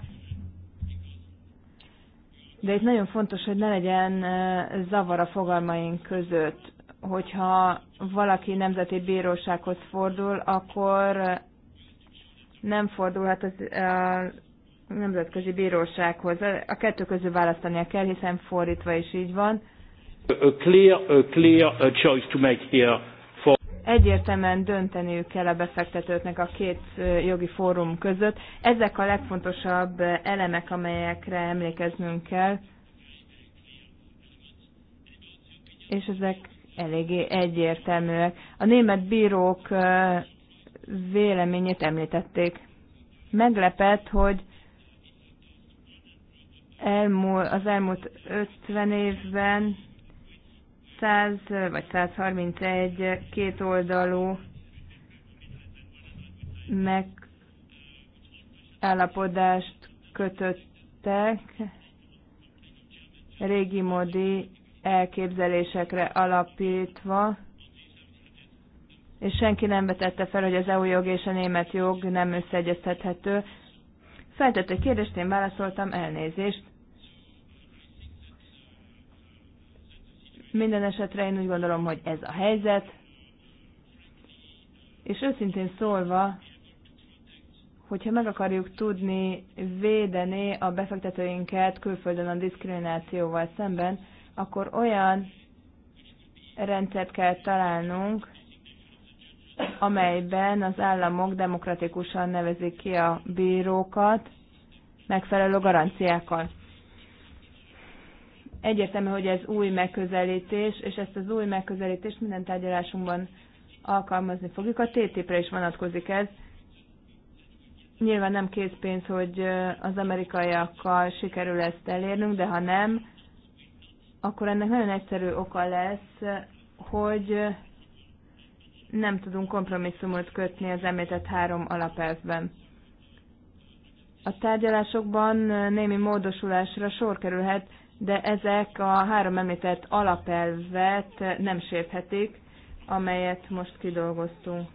De itt nagyon fontos, hogy ne legyen zavar a fogalmaink között. Hogyha valaki nemzeti bírósághoz fordul, akkor nem fordulhat az, a nemzetközi bírósághoz. A kettő közül választania kell, hiszen fordítva is így van. A clear, a clear choice to make here egyértelműen dönteniük kell a befektetőknek a két jogi fórum között. Ezek a legfontosabb elemek, amelyekre emlékeznünk kell, és ezek eléggé egyértelműek. A német bírók véleményét említették. Meglepett, hogy elmúl, az elmúlt 50 évben 100 vagy 131 kétoldalú megállapodást kötöttek régi modi elképzelésekre alapítva, és senki nem vetette fel, hogy az EU jog és a német jog nem összeegyeztethető. Feltett egy kérdést, én válaszoltam, elnézést. Minden esetre én úgy gondolom, hogy ez a helyzet, és őszintén szólva, hogyha meg akarjuk tudni védeni a befektetőinket külföldön a diszkriminációval szemben, akkor olyan rendszert kell találnunk, amelyben az államok demokratikusan nevezik ki a bírókat megfelelő garanciákkal. Egyértelmű, hogy ez új megközelítés, és ezt az új megközelítést minden tárgyalásunkban alkalmazni fogjuk. A TTIP-re is vonatkozik ez. Nyilván nem készpénz, hogy az amerikaiakkal sikerül ezt elérnünk, de ha nem, akkor ennek nagyon egyszerű oka lesz, hogy nem tudunk kompromisszumot kötni az említett három alapelvben. A tárgyalásokban némi módosulásra sor kerülhet, de ezek a három említett alapelvet nem sérthetik, amelyet most kidolgoztunk.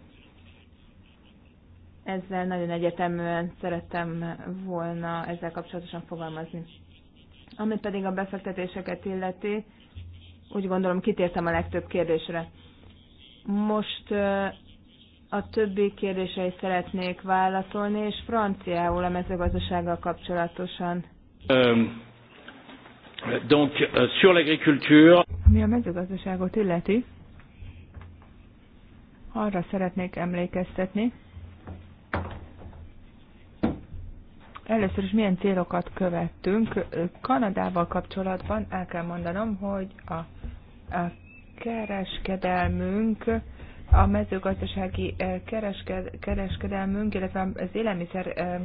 Ezzel nagyon egyeteműen szerettem volna ezzel kapcsolatosan fogalmazni. Ami pedig a befektetéseket illeti, úgy gondolom kitértem a legtöbb kérdésre. Most a többi kérdésre is szeretnék válaszolni, és franciául a mezőgazdasággal kapcsolatosan. Um. Donc, euh, sur l'agriculture. Ami a mezőgazdaságot illeti, arra szeretnék emlékeztetni, Először is milyen célokat követtünk. Kanadával kapcsolatban el kell mondanom, hogy a, a kereskedelmünk, a mezőgazdasági eh, kereske, kereskedelmünk, illetve az élelmiszer eh,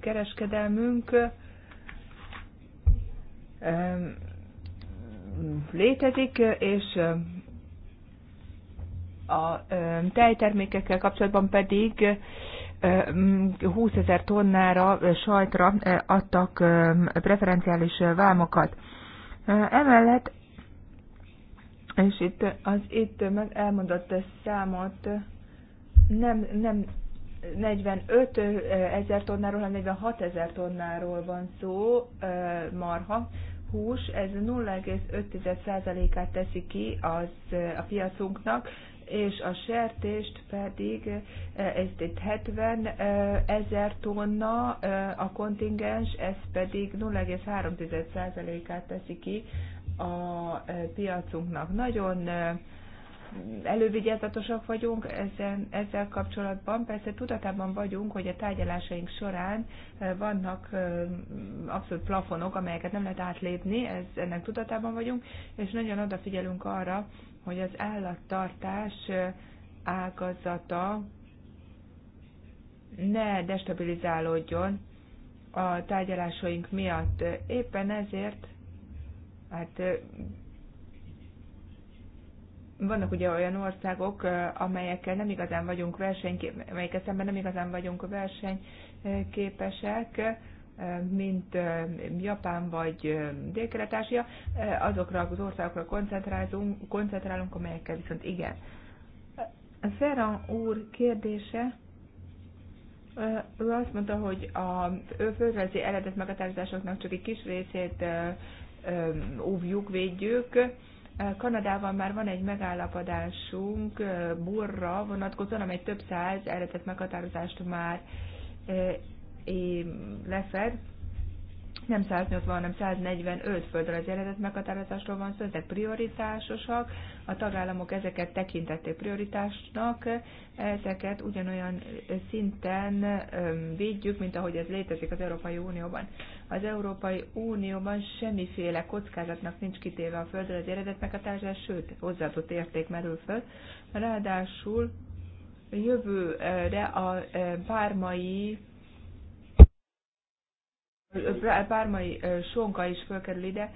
kereskedelmünk létezik, és a tejtermékekkel kapcsolatban pedig 20 ezer tonnára sajtra adtak preferenciális vámokat. Emellett, és itt az itt meg elmondott számot nem, nem 45 ezer tonnáról, hanem 46 ezer tonnáról van szó marha hús, ez 0,5%-át teszi ki az, eh, a piacunknak, és a sertést pedig eh, ez itt 70 eh, ezer tonna a kontingens, ez pedig 0,3%-át teszi ki a piacunknak. Nagyon elővigyázatosak vagyunk ezen, ezzel kapcsolatban. Persze tudatában vagyunk, hogy a tárgyalásaink során eh, vannak eh, abszolút plafonok, amelyeket nem lehet átlépni, ez, ennek tudatában vagyunk, és nagyon odafigyelünk arra, hogy az állattartás eh, ágazata ne destabilizálódjon a tárgyalásaink miatt. Éppen ezért hát vannak ugye olyan országok, amelyekkel nem igazán vagyunk versenyképesek, amelyek szemben nem igazán vagyunk versenyképesek, mint Japán vagy Dél-Kelet-Ázsia, azokra az országokra koncentrálunk, koncentrálunk, amelyekkel viszont igen. Ferran úr kérdése, ő azt mondta, hogy a földrajzi eredet meghatározásoknak csak egy kis részét óvjuk, védjük, Kanadában már van egy megállapodásunk burra vonatkozóan, amely több száz eredet meghatározást már lefed nem 180, hanem 145 földön az életet meghatározásról van szó, ezek prioritásosak, a tagállamok ezeket tekintették prioritásnak, ezeket ugyanolyan szinten védjük, mint ahogy ez létezik az Európai Unióban. Az Európai Unióban semmiféle kockázatnak nincs kitéve a földön az életet meghatározás, sőt, hozzáadott érték merül föl. Ráadásul jövőre a pármai Bármai sonka is fölkerül ide.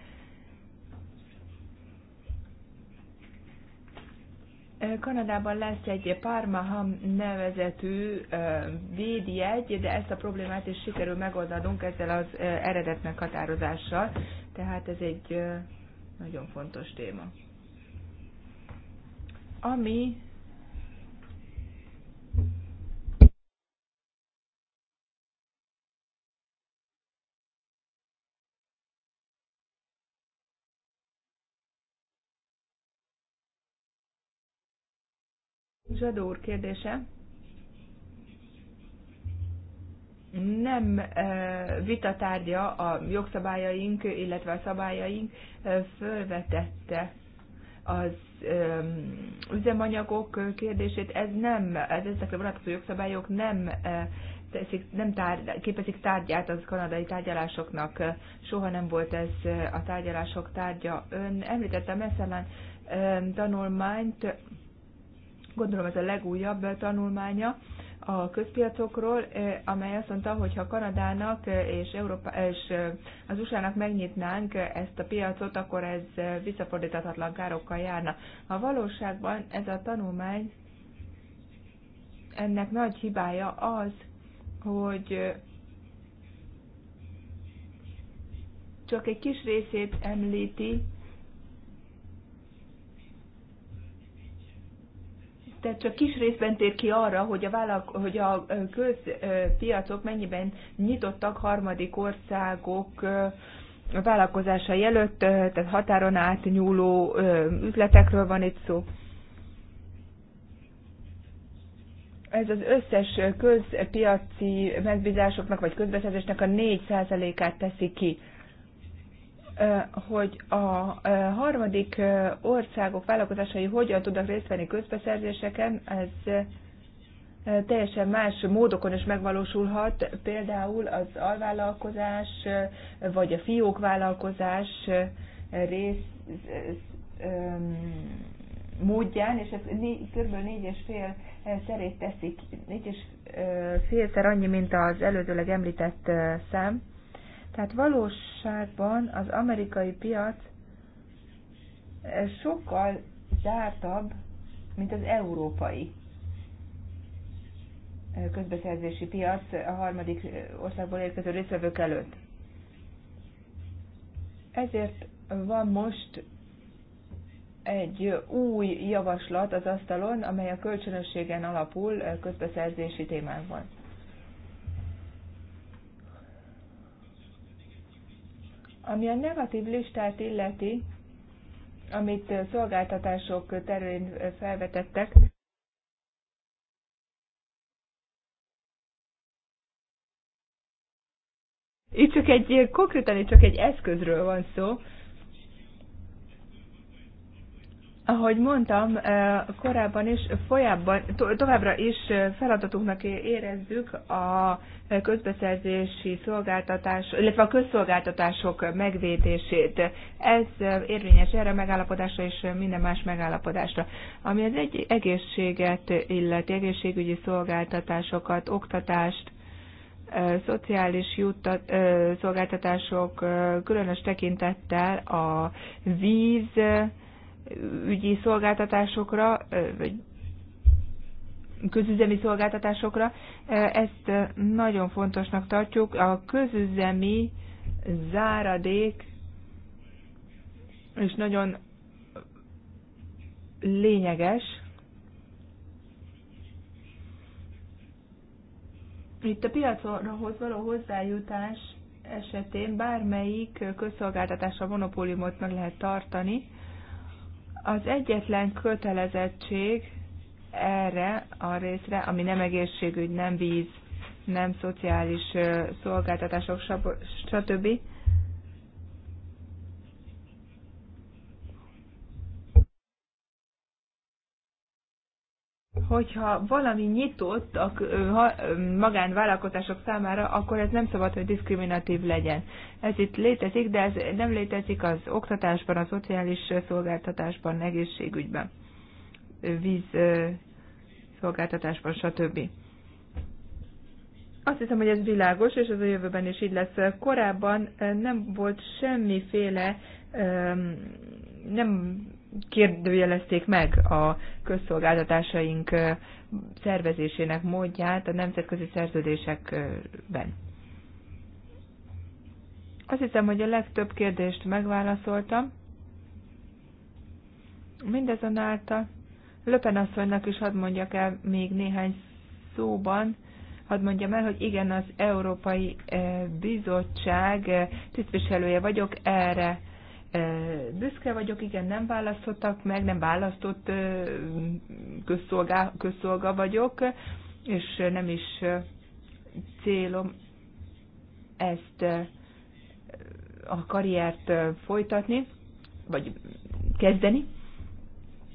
Kanadában lesz egy ham nevezetű védjegy, de ezt a problémát is sikerül megoldanunk ezzel az eredet meghatározással, tehát ez egy nagyon fontos téma. Ami Zsadó úr kérdése. nem eh, vitatárgya a jogszabályaink, illetve a szabályaink eh, fölvetette az üzemanyagok kérdését. Ez nem, ez ezekre vonatkozó jogszabályok nem eh, teszik, nem tár, képezik tárgyát az kanadai tárgyalásoknak. Soha nem volt ez a tárgyalások tárgya. Ön említette a Messelán tanulmányt, gondolom ez a legújabb tanulmánya a közpiacokról, eh, amely azt mondta, hogy ha Kanadának eh, és, Európa, eh, és az USA-nak megnyitnánk ezt a piacot, akkor ez visszafordíthatatlan károkkal járna. A valóságban ez a tanulmány ennek nagy hibája az, hogy csak egy kis részét említi de csak kis részben tér ki arra, hogy a, vállalk, hogy a közpiacok mennyiben nyitottak harmadik országok vállalkozása előtt, tehát határon átnyúló üzletekről van itt szó. Ez az összes közpiaci megbízásoknak vagy közbeszerzésnek a 4%-át teszi ki hogy a harmadik országok vállalkozásai hogyan tudnak részt venni közbeszerzéseken, ez teljesen más módokon is megvalósulhat, például az alvállalkozás, vagy a fiók vállalkozás rész módján, és ez kb. 4,5 szerét teszik, 4,5 szer annyi, mint az előzőleg említett szám. Tehát valóságban az amerikai piac eh, sokkal zártabb, mint az európai eh, közbeszerzési piac a harmadik eh, országból érkező részvevők előtt. Ezért van most egy új javaslat az asztalon, amely a kölcsönösségen alapul közbeszerzési van. Ami a negatív listát illeti, amit szolgáltatások terén felvetettek, Itt csak egy, konkrétan itt csak egy eszközről van szó, ahogy mondtam, eh, korábban is, folyában, továbbra is eh, feladatunknak érezzük a eh, közbeszerzési szolgáltatás, illetve a közszolgáltatások megvédését. Ez érvényes erre a megállapodásra és minden más megállapodásra. Ami az egy egészséget illeti, egészségügyi szolgáltatásokat, oktatást, szociális juttat, szolgáltatások, különös tekintettel a víz, ügyi szolgáltatásokra, vagy közüzemi szolgáltatásokra. Ezt nagyon fontosnak tartjuk. A közüzemi záradék és nagyon lényeges. Itt a piacra való hozzájutás esetén bármelyik közszolgáltatásra monopóliumot meg lehet tartani, az egyetlen kötelezettség erre a részre, ami nem egészségügy, nem víz, nem szociális szolgáltatások, stb. hogyha valami nyitott a magánvállalkozások számára, akkor ez nem szabad, hogy diszkriminatív legyen. Ez itt létezik, de ez nem létezik az oktatásban, a szociális szolgáltatásban, egészségügyben, víz szolgáltatásban, stb. Azt hiszem, hogy ez világos, és ez a jövőben is így lesz. Korábban nem volt semmiféle, nem kérdőjelezték meg a közszolgáltatásaink szervezésének módját a nemzetközi szerződésekben. Azt hiszem, hogy a legtöbb kérdést megválaszoltam. Mindezonáltal Löpen asszonynak is hadd mondjak el még néhány szóban, hadd mondjam el, hogy igen, az Európai Bizottság tisztviselője vagyok, erre büszke vagyok, igen, nem választottak meg, nem választott közszolgá, közszolga vagyok, és nem is célom ezt a karriert folytatni, vagy kezdeni.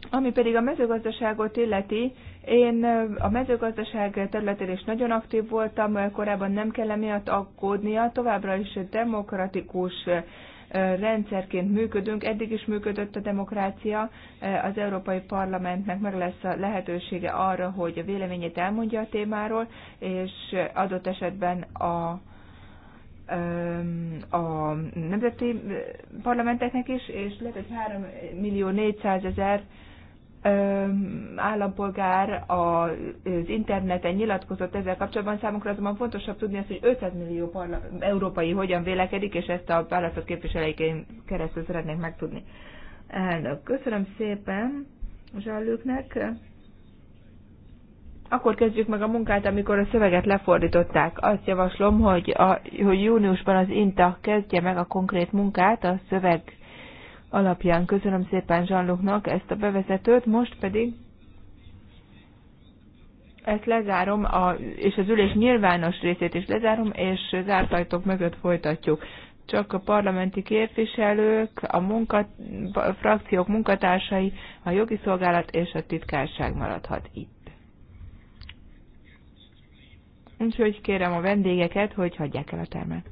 Ami pedig a mezőgazdaságot illeti, én a mezőgazdaság területén is nagyon aktív voltam, korábban nem kell emiatt aggódnia, továbbra is demokratikus rendszerként működünk, eddig is működött a demokrácia, az Európai Parlamentnek meg lesz a lehetősége arra, hogy a véleményét elmondja a témáról, és adott esetben a a nemzeti parlamenteknek is, és lehet, hogy 3 millió 400 ezer állampolgár az interneten nyilatkozott ezzel kapcsolatban, számunkra azonban fontosabb tudni azt, hogy 500 millió európai hogyan vélekedik, és ezt a választott képviselőikén keresztül szeretnék megtudni. Elnök, köszönöm szépen Zsallőknek. Akkor kezdjük meg a munkát, amikor a szöveget lefordították. Azt javaslom, hogy, a, hogy júniusban az INTA kezdje meg a konkrét munkát a szöveg alapján. Köszönöm szépen Zsallóknak ezt a bevezetőt, most pedig ezt lezárom, a, és az ülés nyilvános részét is lezárom, és zárt ajtók mögött folytatjuk. Csak a parlamenti képviselők, a munka, a frakciók munkatársai, a jogi szolgálat és a titkárság maradhat itt. Úgyhogy kérem a vendégeket, hogy hagyják el a termet.